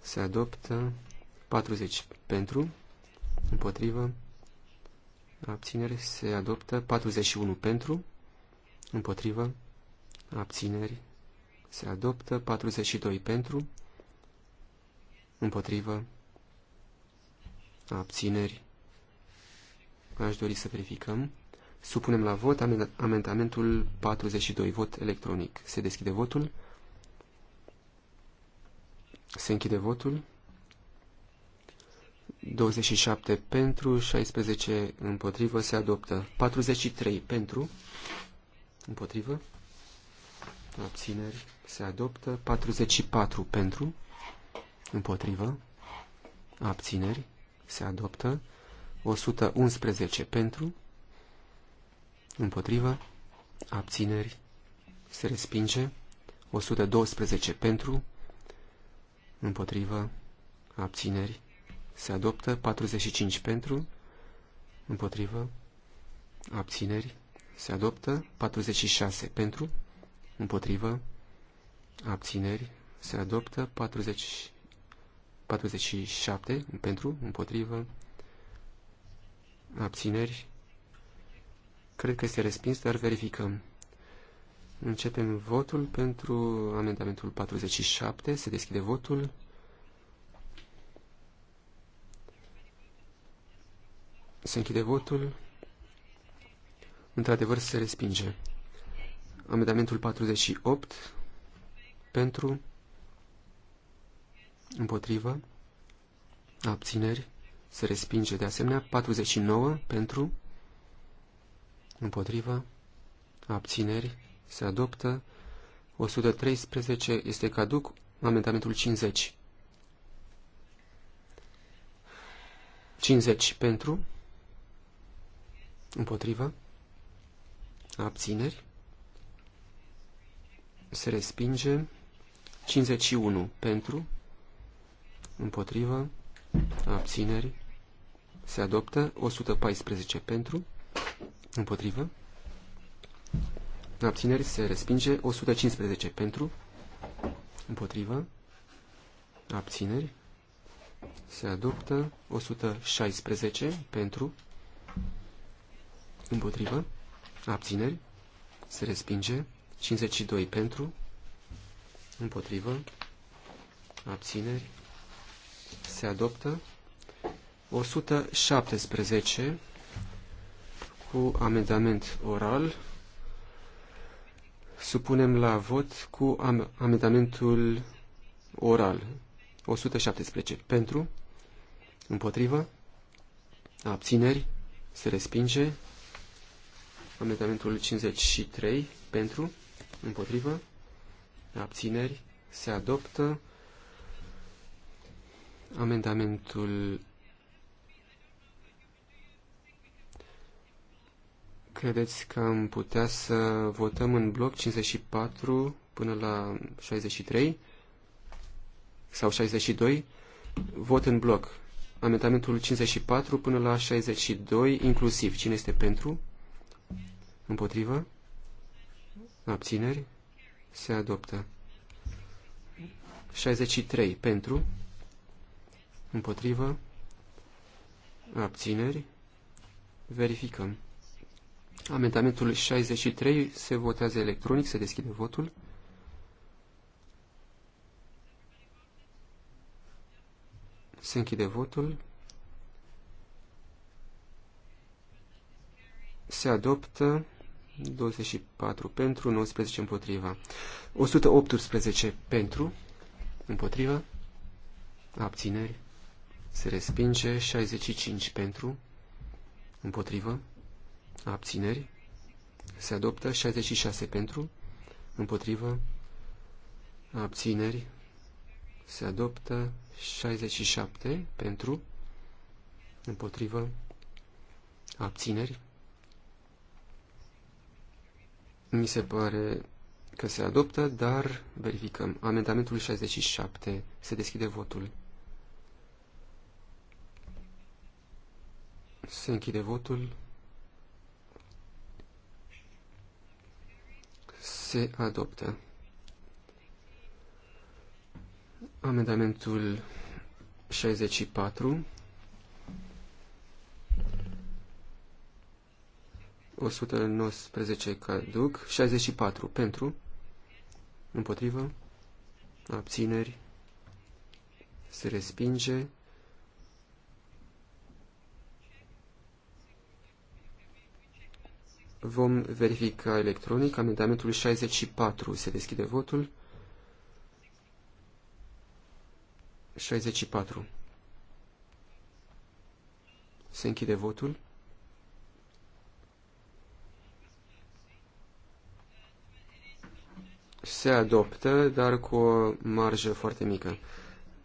Speaker 6: se adoptă 40 pentru, împotrivă, abțineri, se adoptă 41 pentru, împotrivă, abțineri, se adoptă 42 pentru, împotrivă, abțineri, aș dori să verificăm. Supunem la vot amendamentul 42, vot electronic. Se deschide votul. Se închide votul. 27 pentru, 16 împotrivă, se adoptă. 43 pentru, împotrivă, abțineri, se adoptă. 44 pentru, împotrivă, abțineri, se adoptă. 111 pentru, împotrivă, abțineri, se respinge. 112 pentru, împotrivă, abțineri, se adoptă 45 pentru, împotrivă, abțineri, se adoptă 46 pentru, împotrivă, abțineri, se adoptă 40, 47 pentru, împotrivă, abțineri, cred că este respins, dar verificăm. Începem votul pentru amendamentul 47. Se deschide votul. Se închide votul. Într-adevăr, se respinge. Amendamentul 48 pentru împotrivă abțineri se respinge de asemenea 49 pentru împotrivă abțineri se adoptă. 113 este caduc. Amendamentul 50. 50 pentru. Împotrivă. Abțineri. Se respinge. 51 pentru. Împotrivă. Abțineri. Se adoptă. 114 pentru. Împotrivă abțineri se respinge. 115 pentru, împotrivă, abțineri se adoptă. 116 pentru, împotrivă, abțineri se respinge. 52 pentru, împotrivă, abțineri se adoptă. 117 cu amendament oral supunem la vot cu am amendamentul oral 117. Pentru, împotrivă, abțineri, se respinge. Amendamentul 53. Pentru, împotrivă, abțineri, se adoptă. Amendamentul Credeți că am putea să votăm în bloc 54 până la 63 sau 62? Vot în bloc. Amendamentul 54 până la 62 inclusiv. Cine este pentru? Împotrivă? Abțineri? Se adoptă. 63 pentru? Împotrivă? Abțineri? Verificăm. Amendamentul 63 se votează electronic, se deschide votul. Se închide votul. Se adoptă 24 pentru, 19 împotriva. 118 pentru, împotriva, abțineri, se respinge, 65 pentru, împotriva, abțineri, se adoptă 66 pentru, împotrivă, abțineri, se adoptă 67 pentru, împotrivă, abțineri. Mi se pare că se adoptă, dar verificăm. Amendamentul 67. Se deschide votul. Se închide votul. se adoptă. Amendamentul 64 119 caduc, 64 pentru, împotrivă, abțineri, se respinge, Vom verifica electronic amendamentul 64. Se deschide votul. 64. Se închide votul. Se adoptă, dar cu o marjă foarte mică.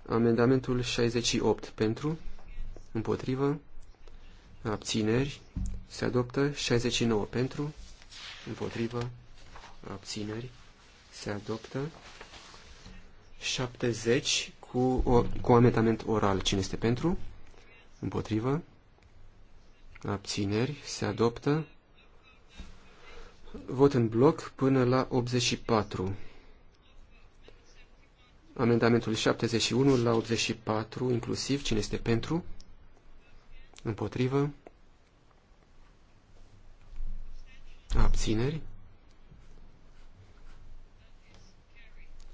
Speaker 6: Amendamentul 68 pentru, împotrivă, abțineri, se adoptă 69 pentru, împotrivă, abțineri, se adoptă 70 cu, o, cu amendament oral. Cine este pentru? Împotrivă, abțineri, se adoptă vot în bloc până la 84. Amendamentul 71 la 84 inclusiv. Cine este pentru? Împotrivă. Abțineri.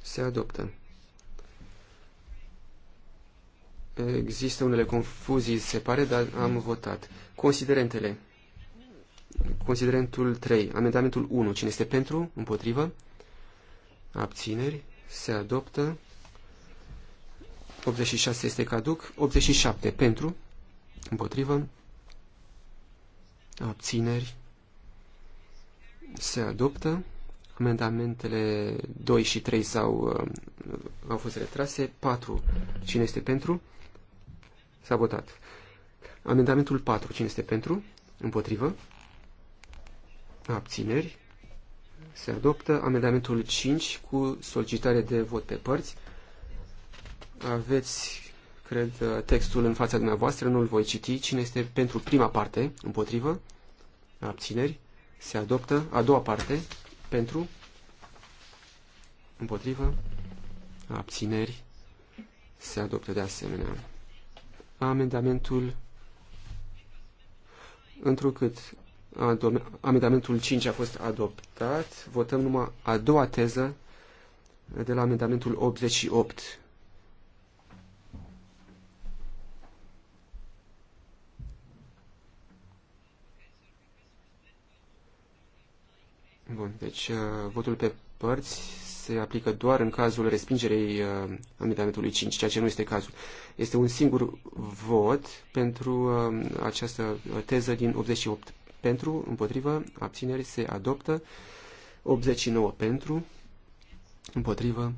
Speaker 6: Se adoptă. Există unele confuzii, se pare, dar am votat. Considerentele. Considerentul 3. Amendamentul 1. Cine este pentru? Împotrivă? Abțineri. Se adoptă. 86 este caduc. 87. Pentru? Împotrivă. Abțineri. Se adoptă. Amendamentele 2 și 3 s-au, uh, au fost retrase. 4. Cine este pentru? S-a votat. Amendamentul 4. Cine este pentru? Împotrivă. Abțineri. Se adoptă amendamentul 5 cu solicitare de vot pe părți. Aveți cred, uh, textul în fața dumneavoastră, nu-l voi citi. Cine este pentru prima parte, împotrivă, abțineri, se adoptă. A doua parte, pentru, împotrivă, abțineri, se adoptă de asemenea. Amendamentul, întrucât amendamentul 5 a fost adoptat, votăm numai a doua teză de la amendamentul 88 Bun, deci uh, votul pe părți se aplică doar în cazul respingerei uh, amendamentului 5, ceea ce nu este cazul. Este un singur vot pentru uh, această teză din 88 pentru, împotrivă, abțineri se adoptă, 89 pentru, împotrivă,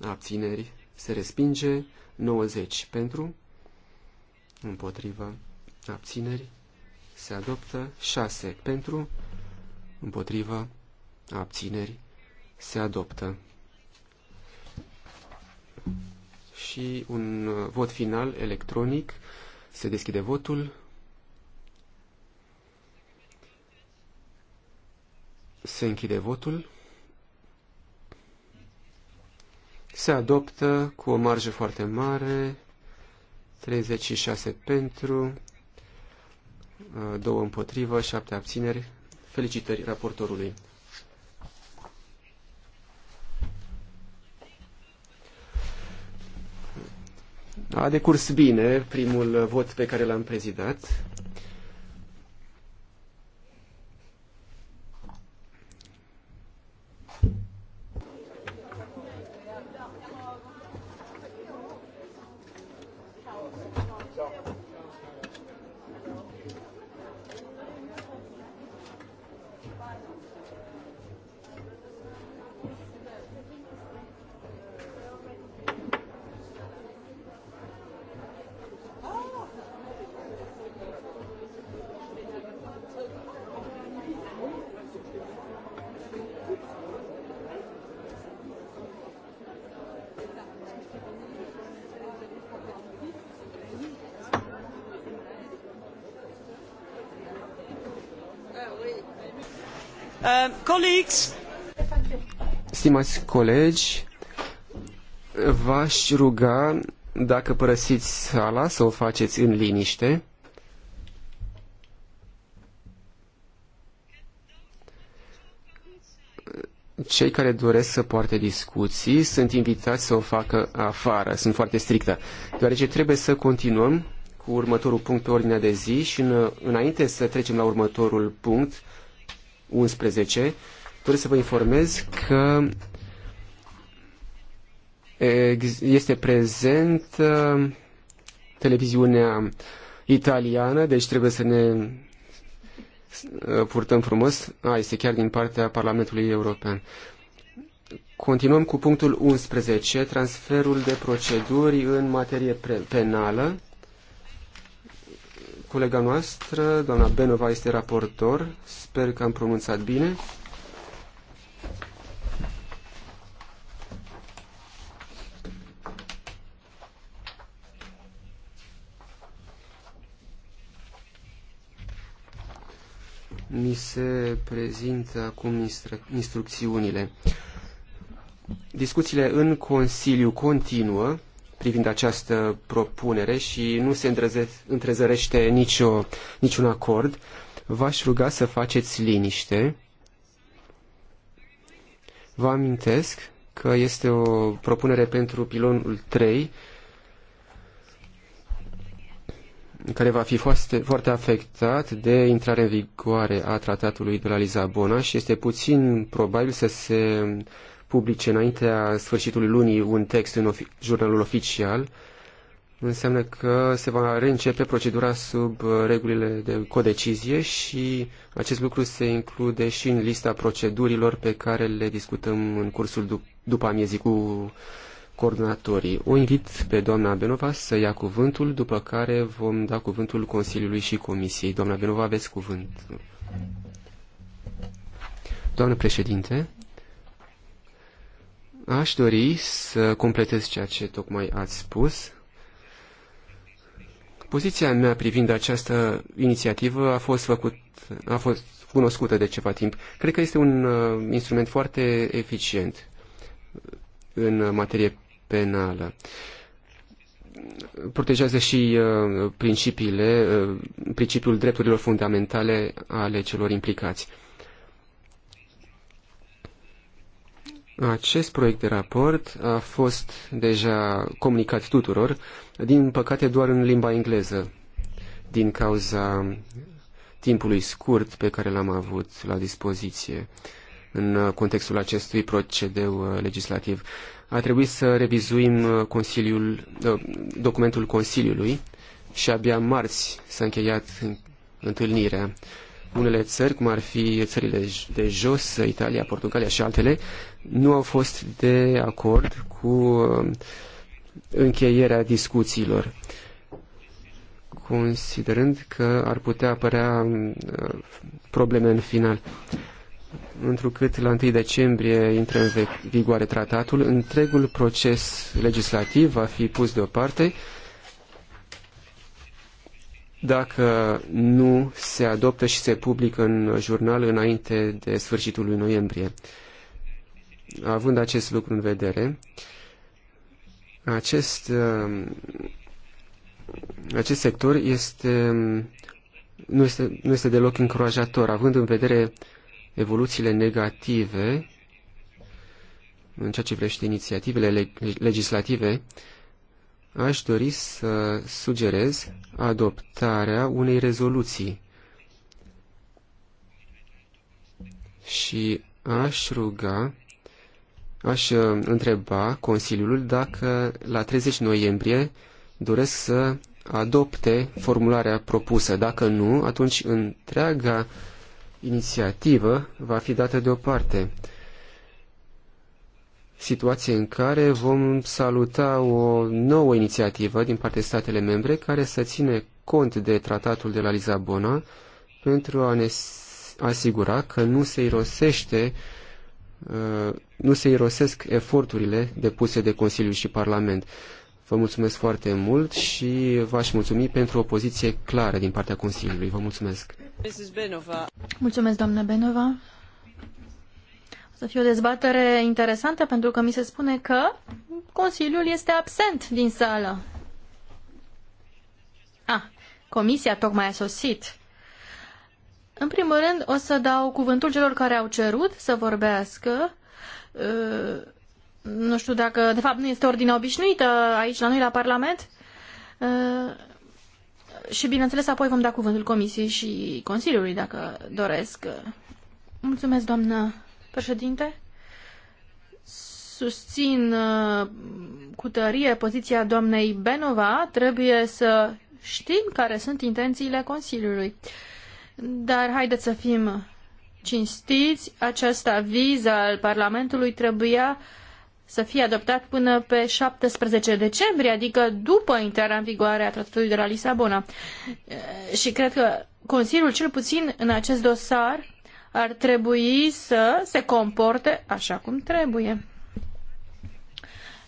Speaker 6: abțineri se respinge, 90 pentru, împotrivă, abțineri se adoptă, 6 pentru, împotrivă, abțineri, se adoptă. Și un uh, vot final electronic. Se deschide votul. Se închide votul. Se adoptă cu o marjă foarte mare, 36 pentru, 2 uh, împotrivă, 7 abțineri. Felicitări raportorului. A decurs bine primul vot pe care l-am prezidat. colleagues. Stimați colegi, v-aș ruga, dacă părăsiți sala, să o faceți în liniște. Cei care doresc să poarte discuții sunt invitați să o facă afară, sunt foarte strictă, deoarece trebuie să continuăm cu următorul punct pe ordinea de zi și în, înainte să trecem la următorul punct, 11, doresc să vă informez că este prezent uh, televiziunea italiană, deci trebuie să ne uh, purtăm frumos. A, este chiar din partea Parlamentului European. Continuăm cu punctul 11, transferul de proceduri în materie penală. Colega noastră, doamna Benova, este raportor. Sper că am pronunțat bine. mi se prezintă acum instrucțiunile. Discuțiile în Consiliu continuă privind această propunere și nu se întrezărește nicio, niciun acord. V-aș ruga să faceți liniște. Vă amintesc că este o propunere pentru pilonul 3 care va fi foarte, foarte afectat de intrarea în vigoare a tratatului de la Lisabona și este puțin probabil să se publice înaintea sfârșitului lunii un text în ofi- jurnalul oficial, înseamnă că se va reîncepe procedura sub uh, regulile de codecizie și acest lucru se include și în lista procedurilor pe care le discutăm în cursul dup- după amiezii cu coordonatorii. O invit pe doamna Benova să ia cuvântul, după care vom da cuvântul Consiliului și Comisiei. Doamna Benova, aveți cuvântul. Doamnă președinte, aș dori să completez ceea ce tocmai ați spus. Poziția mea privind această inițiativă a fost, făcut, a fost cunoscută de ceva timp. Cred că este un uh, instrument foarte eficient în materie penală. Protejează și uh, principiile, uh, principiul drepturilor fundamentale ale celor implicați. Acest proiect de raport a fost deja comunicat tuturor, din păcate doar în limba engleză, din cauza timpului scurt pe care l-am avut la dispoziție în contextul acestui procedeu uh, legislativ a trebuit să revizuim uh, Consiliul, uh, documentul Consiliului și abia marți s-a încheiat întâlnirea. Unele țări, cum ar fi țările de jos, Italia, Portugalia și altele, nu au fost de acord cu uh, încheierea discuțiilor, considerând că ar putea apărea probleme în final întrucât la 1 decembrie intră în vigoare tratatul, întregul proces legislativ va fi pus deoparte dacă nu se adoptă și se publică în jurnal înainte de sfârșitul lui noiembrie. Având acest lucru în vedere, acest, uh, acest sector este, nu, este, nu este deloc încurajator, având în vedere uh, evoluțiile negative în ceea ce privește inițiativele legislative, aș dori să sugerez adoptarea unei rezoluții și aș ruga, aș uh, întreba Consiliul dacă la 30 noiembrie doresc să adopte formularea propusă. Dacă nu, atunci întreaga inițiativă va fi dată deoparte. Situație în care vom saluta o nouă inițiativă din partea statele membre care să ține cont de tratatul de la Lisabona pentru a ne asigura că nu se irosește uh, nu se irosesc eforturile depuse de Consiliu și Parlament. Vă mulțumesc foarte mult și v-aș mulțumi pentru o poziție clară din partea Consiliului. Vă mulțumesc.
Speaker 7: Mulțumesc, doamnă Benova. O să fie o dezbatere interesantă pentru că mi se spune că Consiliul este absent din sală. Ah, comisia tocmai a sosit. În primul rând, o să dau cuvântul celor care au cerut să vorbească. Uh nu știu dacă, de fapt nu este ordine obișnuită aici la noi la Parlament. Uh, și bineînțeles apoi vom da cuvântul Comisiei și Consiliului dacă doresc. Mulțumesc, doamnă președinte. Susțin uh, cu tărie poziția doamnei Benova. Trebuie să știm care sunt intențiile Consiliului. Dar haideți să fim cinstiți, acest aviz al Parlamentului trebuia uh, să fie adoptat până pe 17 decembrie, adică după intrarea în vigoare a tratatului de la Lisabona. Și cred că Consiliul, cel puțin în acest dosar, ar trebui să se comporte așa cum trebuie.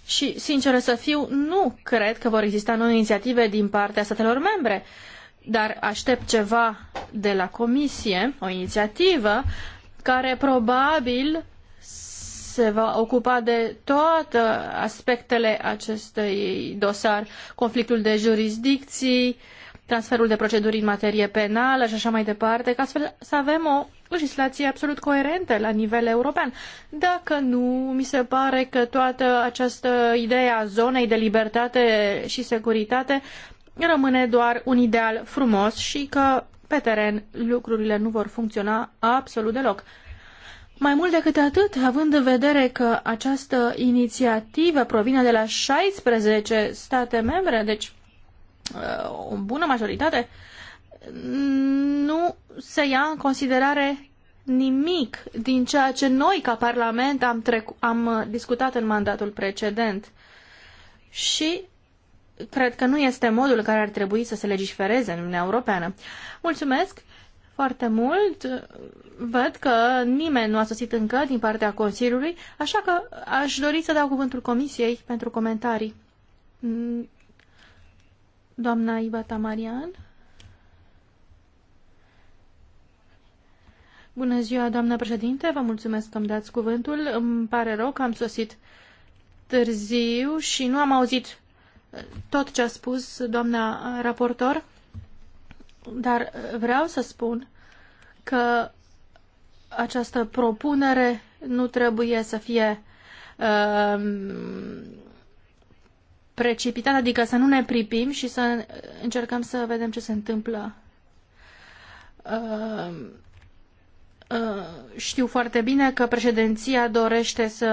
Speaker 7: Și, sincer să fiu, nu cred că vor exista noi inițiative din partea statelor membre, dar aștept ceva de la Comisie, o inițiativă care probabil se va ocupa de toate aspectele acestui dosar, conflictul de jurisdicții, transferul de proceduri în materie penală și așa mai departe, ca astfel să avem o legislație absolut coerentă la nivel european. Dacă nu, mi se pare că toată această idee a zonei de libertate și securitate rămâne doar un ideal frumos și că pe teren lucrurile nu vor funcționa absolut deloc. Mai mult decât atât, având în vedere că această inițiativă provine de la 16 state membre, deci uh, o bună majoritate, nu se ia în considerare nimic din ceea ce noi ca Parlament am, am uh, discutat în mandatul precedent. Și cred că nu este modul în care ar trebui să se legifereze în Uniunea Europeană. Mulțumesc! foarte mult. Văd că nimeni nu a sosit încă din partea Consiliului, așa că aș dori să dau cuvântul Comisiei pentru comentarii. Mm, doamna Ibata Marian. Bună ziua, doamnă președinte, vă mulțumesc că îmi dați cuvântul. Îmi pare rău că am sosit târziu și nu am auzit tot ce a spus doamna raportor. Dar vreau să spun că această propunere nu trebuie să fie uh, precipitată, adică să nu ne pripim și să încercăm să vedem ce se întâmplă. Uh, uh, știu foarte bine că președinția dorește să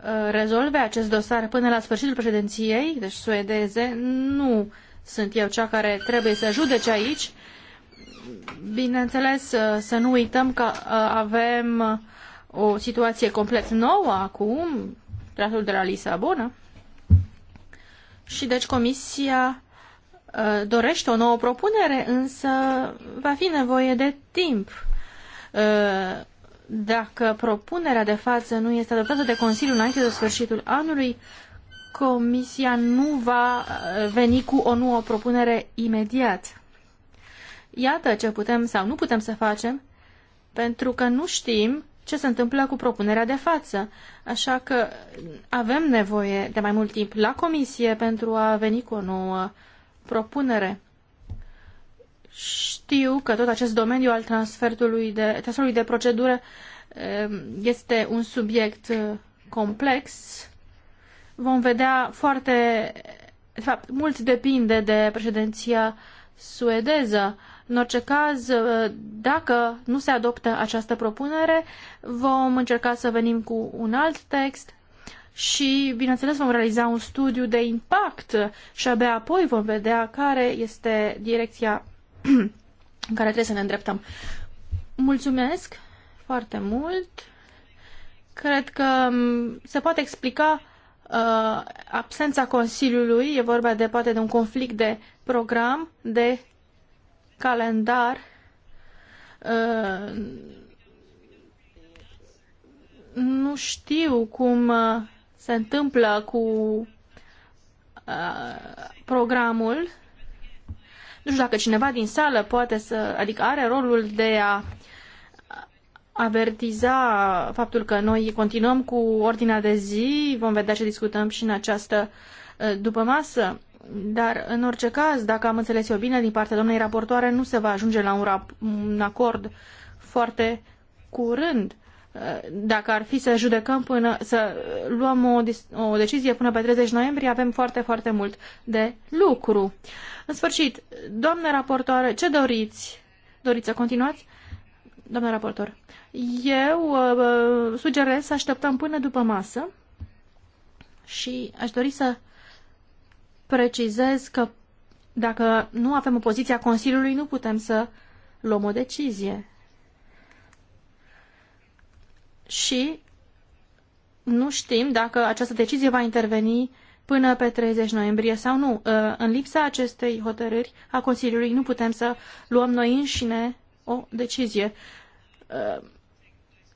Speaker 7: uh, rezolve acest dosar până la sfârșitul președinției, deci suedeze, nu uh, sunt eu cea care trebuie să judece aici. Bineînțeles, uh, să nu uităm că uh, avem uh, o situație complet nouă acum, tratul de la Lisabona. Și deci Comisia dorește o nouă propunere, însă va fi nevoie de timp. Dacă propunerea de față nu este adoptată de Consiliu înainte de sfârșitul anului, Comisia nu va uh, veni cu o nouă propunere imediat. Iată ce putem sau nu putem să facem, pentru că nu știm ce se întâmplă cu propunerea de față. Așa că avem nevoie de mai mult timp la comisie pentru a veni cu o nouă propunere. Știu că tot acest domeniu al transferului de, transferului de procedură um, este un subiect uh, complex Vom vedea foarte... De fapt, mult depinde de președinția suedeză. În orice caz, uh, dacă nu se adoptă această propunere, vom încerca să venim cu un alt text și, bineînțeles, vom realiza un studiu de impact și abia apoi vom vedea care este direcția în care trebuie să ne îndreptăm. Mulțumesc foarte mult! Cred că mm, se poate explica Uh, absența Consiliului, e vorba de poate de un conflict de program, de calendar. Uh, nu știu cum uh, se întâmplă cu programul. Nu știu dacă cineva din sală poate să, adică are rolul de a uh, avertiza faptul că noi continuăm cu ordinea de zi, vom vedea ce discutăm și în această ă, după masă, dar în orice caz, dacă am înțeles eu bine din partea doamnei raportoare, nu se va ajunge la un, rap- un acord foarte curând. Ă, dacă ar fi să judecăm până, să luăm o, o decizie până pe 30 noiembrie, avem foarte, foarte mult de lucru. În sfârșit, doamnă raportoare, ce doriți? Doriți să continuați? doamna raportor. Eu uh, uh, sugerez să așteptăm până după masă și aș dori să precizez că dacă nu avem o poziție a Consiliului, nu putem să luăm o decizie. Și nu știm dacă această decizie va interveni până pe 30 noiembrie sau nu. Uh, în lipsa acestei hotărâri a Consiliului nu putem să luăm noi înșine o decizie. Uh,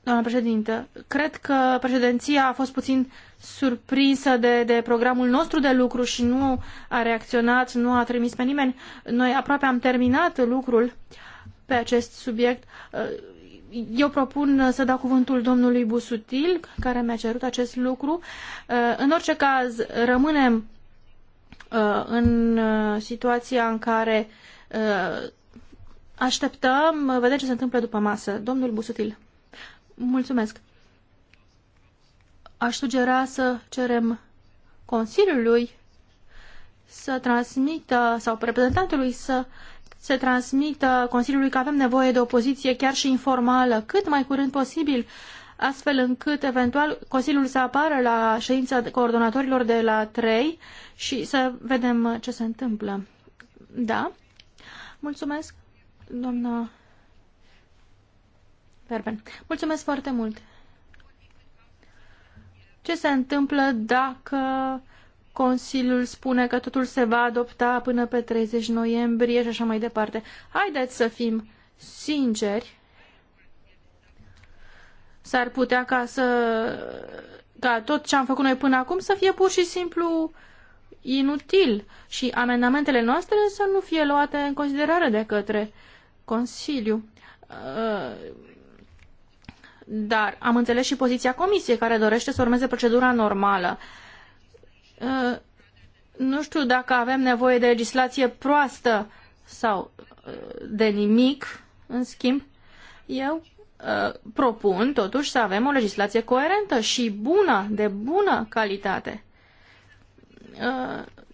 Speaker 7: doamna președintă, cred că președinția a fost puțin surprinsă de, de programul nostru de lucru și nu a reacționat, nu a trimis pe nimeni. Noi aproape am terminat lucrul pe acest subiect. Uh, eu propun să dau cuvântul domnului Busutil, care mi-a cerut acest lucru. Uh, în orice caz, rămânem în situația în care Așteptăm, vedem ce se întâmplă după masă. Domnul Busutil, mulțumesc. Aș sugera să cerem Consiliului să transmită, sau reprezentantului să se transmită Consiliului că avem nevoie de o poziție chiar și informală, cât mai curând posibil, astfel încât eventual Consiliul să apară la ședința coordonatorilor de la 3 și să vedem ce se întâmplă. Da? Mulțumesc! doamna Verben. Mulțumesc foarte mult! Ce se întâmplă dacă Consiliul spune că totul se va adopta până pe 30 noiembrie și așa mai departe? Haideți să fim sinceri. S-ar putea ca să ca tot ce am făcut noi până acum să fie pur și simplu inutil și amendamentele noastre să nu fie luate în considerare de către Consiliu. Uh, dar am înțeles și poziția Comisiei, care dorește să urmeze procedura normală. Uh, nu știu dacă avem nevoie de legislație proastă sau uh, de nimic, în schimb. Eu propun totuși să avem o legislație coerentă și bună, de bună calitate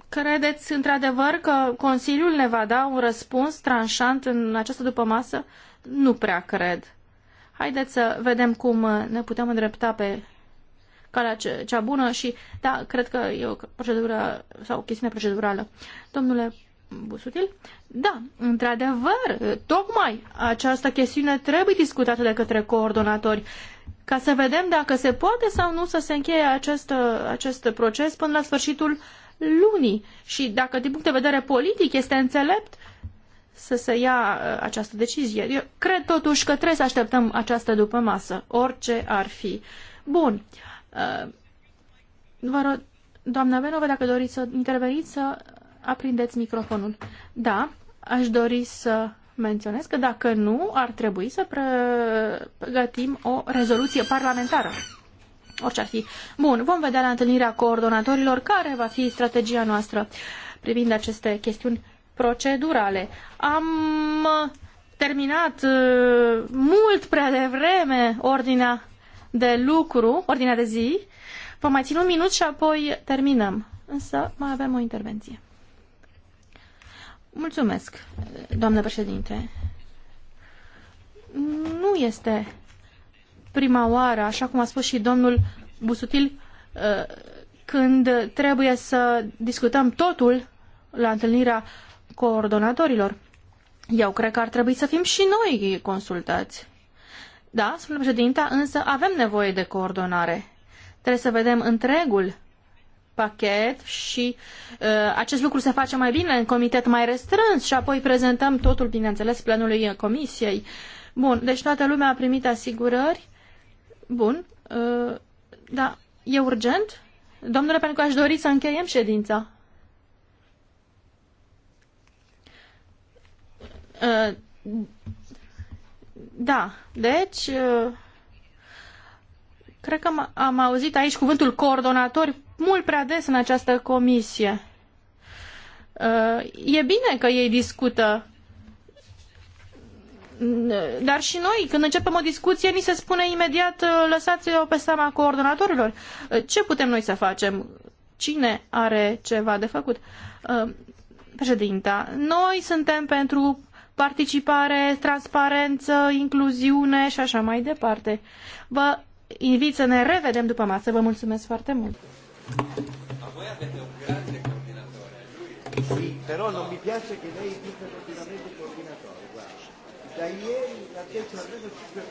Speaker 7: Credeți într-adevăr că Consiliul ne va da un răspuns tranșant în această dupămasă? Nu prea cred. Haideți să vedem cum ne putem îndrepta pe calea cea bună și, da, cred că e o procedură sau o chestiune procedurală. Domnule Busutil? Da, într-adevăr, tocmai această chestiune trebuie discutată de către coordonatori ca să vedem dacă se poate sau nu să se încheie acest, acest proces până la sfârșitul lunii. Și dacă din punct de vedere politic este înțelept să se ia uh, această decizie. Eu cred totuși că trebuie să așteptăm această după masă, orice ar fi. Bun. Uh, vă rog, doamna Venove, dacă doriți să interveniți, să aprindeți microfonul. Da, aș dori să menționez că dacă nu, ar trebui să pregătim o rezoluție parlamentară orice ar fi. Bun, vom vedea la întâlnirea coordonatorilor care va fi strategia noastră privind aceste chestiuni procedurale. Am uh, terminat uh, mult prea devreme ordinea de lucru, ordinea de zi. Vă mai țin un minut și apoi terminăm. Însă mai avem o intervenție. Mulțumesc, doamnă președinte. Nu este prima oară, așa cum a spus și domnul Busutil, uh, când trebuie să discutăm totul la întâlnirea coordonatorilor. Eu cred că ar trebui să fim și noi consultați. Da, spune președinta, însă avem nevoie de coordonare. Trebuie să vedem întregul pachet și uh, acest lucru se face mai bine în comitet mai restrâns și apoi prezentăm totul, bineînțeles, plenului comisiei. Bun, deci toată lumea a primit asigurări Bun. Uh, da, e urgent? Domnule, pentru că aș dori să încheiem ședința. Uh, da, deci uh, cred că am, am auzit aici cuvântul coordonatori mult prea des în această comisie. E bine că ei discută Mm, dar și noi, când începem o discuție, ni se spune imediat uh, lăsați-o pe seama coordonatorilor. Uh, ce putem noi să facem? Cine are ceva de făcut? Uh, președinta, noi suntem pentru participare, transparență, incluziune și așa mai departe. Vă invit să ne revedem după masă. Vă mulțumesc foarte mult.
Speaker 5: però non mi piace che lei dica continuamente da ieri la 10 almeno 5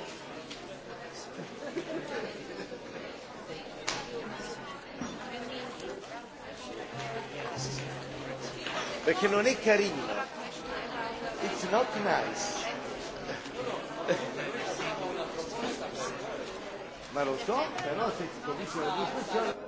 Speaker 5: perché non è carino it's not
Speaker 2: nice ma lo so però se ti comincia la discussione